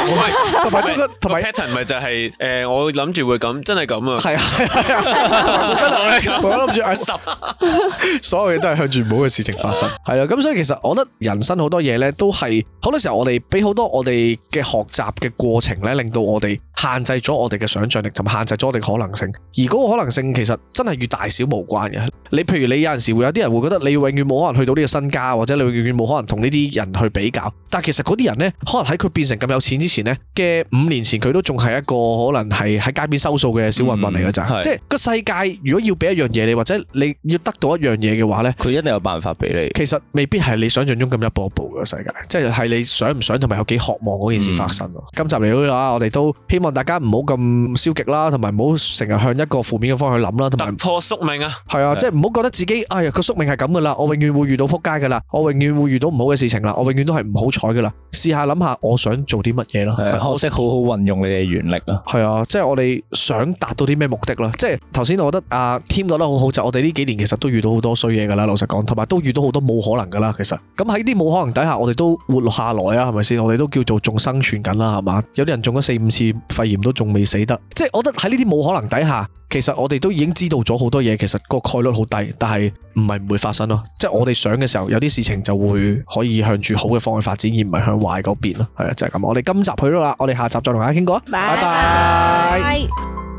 同埋同埋 pattern 咪就係、是、誒、 呃，我諗住會咁，真係咁啊。係啊，冇啊，我都諗住阿十，所有嘢都係向住唔好嘅事情發生。係啦， 咁所以其實我覺得人生好多嘢咧，都係好多時候我哋俾好多我哋嘅學習嘅過程咧，令到我哋限制咗我哋嘅想象力，同埋限制咗我哋嘅可能性。而嗰個可能性其實真係與大小無關嘅。你譬如你有陣時會有啲人會覺得你永遠冇可能去到呢個身家，或者你永遠冇可能同呢啲人去比較。但係其實嗰啲人咧，可能喺佢變成咁有錢之前咧嘅五年前，佢都仲係一個可能係喺街邊收數嘅小混混嚟㗎咋。即係個世界，如果要俾一樣嘢你，或者你要得到一樣嘢嘅話咧，佢一定有辦法俾你。其實未必係你想像中咁一步一步嘅世界，即係係你想唔想同埋有幾渴望嗰件事發生。今集嚟到啦，我哋都希望大家唔好咁消極啦，同埋唔好成日向一個負面嘅方向去諗啦，同埋突破宿命啊。係啊，即係。唔好覺得自己，哎呀個宿命係咁噶啦，我永遠會遇到撲街噶啦，我永遠會遇到唔好嘅事情啦，我永遠都係唔好彩噶啦。試下諗下，我想做啲乜嘢咯。係啊，學識好好運用你嘅原力啊。係啊，即係我哋想達到啲咩目的咯？即係頭先我覺得阿謙講得好好，就是、我哋呢幾年其實都遇到好多衰嘢噶啦，老實講，同埋都遇到好多冇可能噶啦。其實咁喺啲冇可能底下，我哋都活落下來啊，係咪先？我哋都叫做仲生存緊啦，係嘛？有啲人中咗四五次肺炎都仲未死得，即係我覺得喺呢啲冇可能底下，其實我哋都已經知道咗好多嘢，其實個概率好。但係唔係唔會發生咯，即係我哋想嘅時候，有啲事情就會可以向住好嘅方向發展，而唔係向壞嗰邊咯。係啊，就係咁。我哋今集去到啦，我哋下集再同大家傾過。Bye 拜拜。Bye bye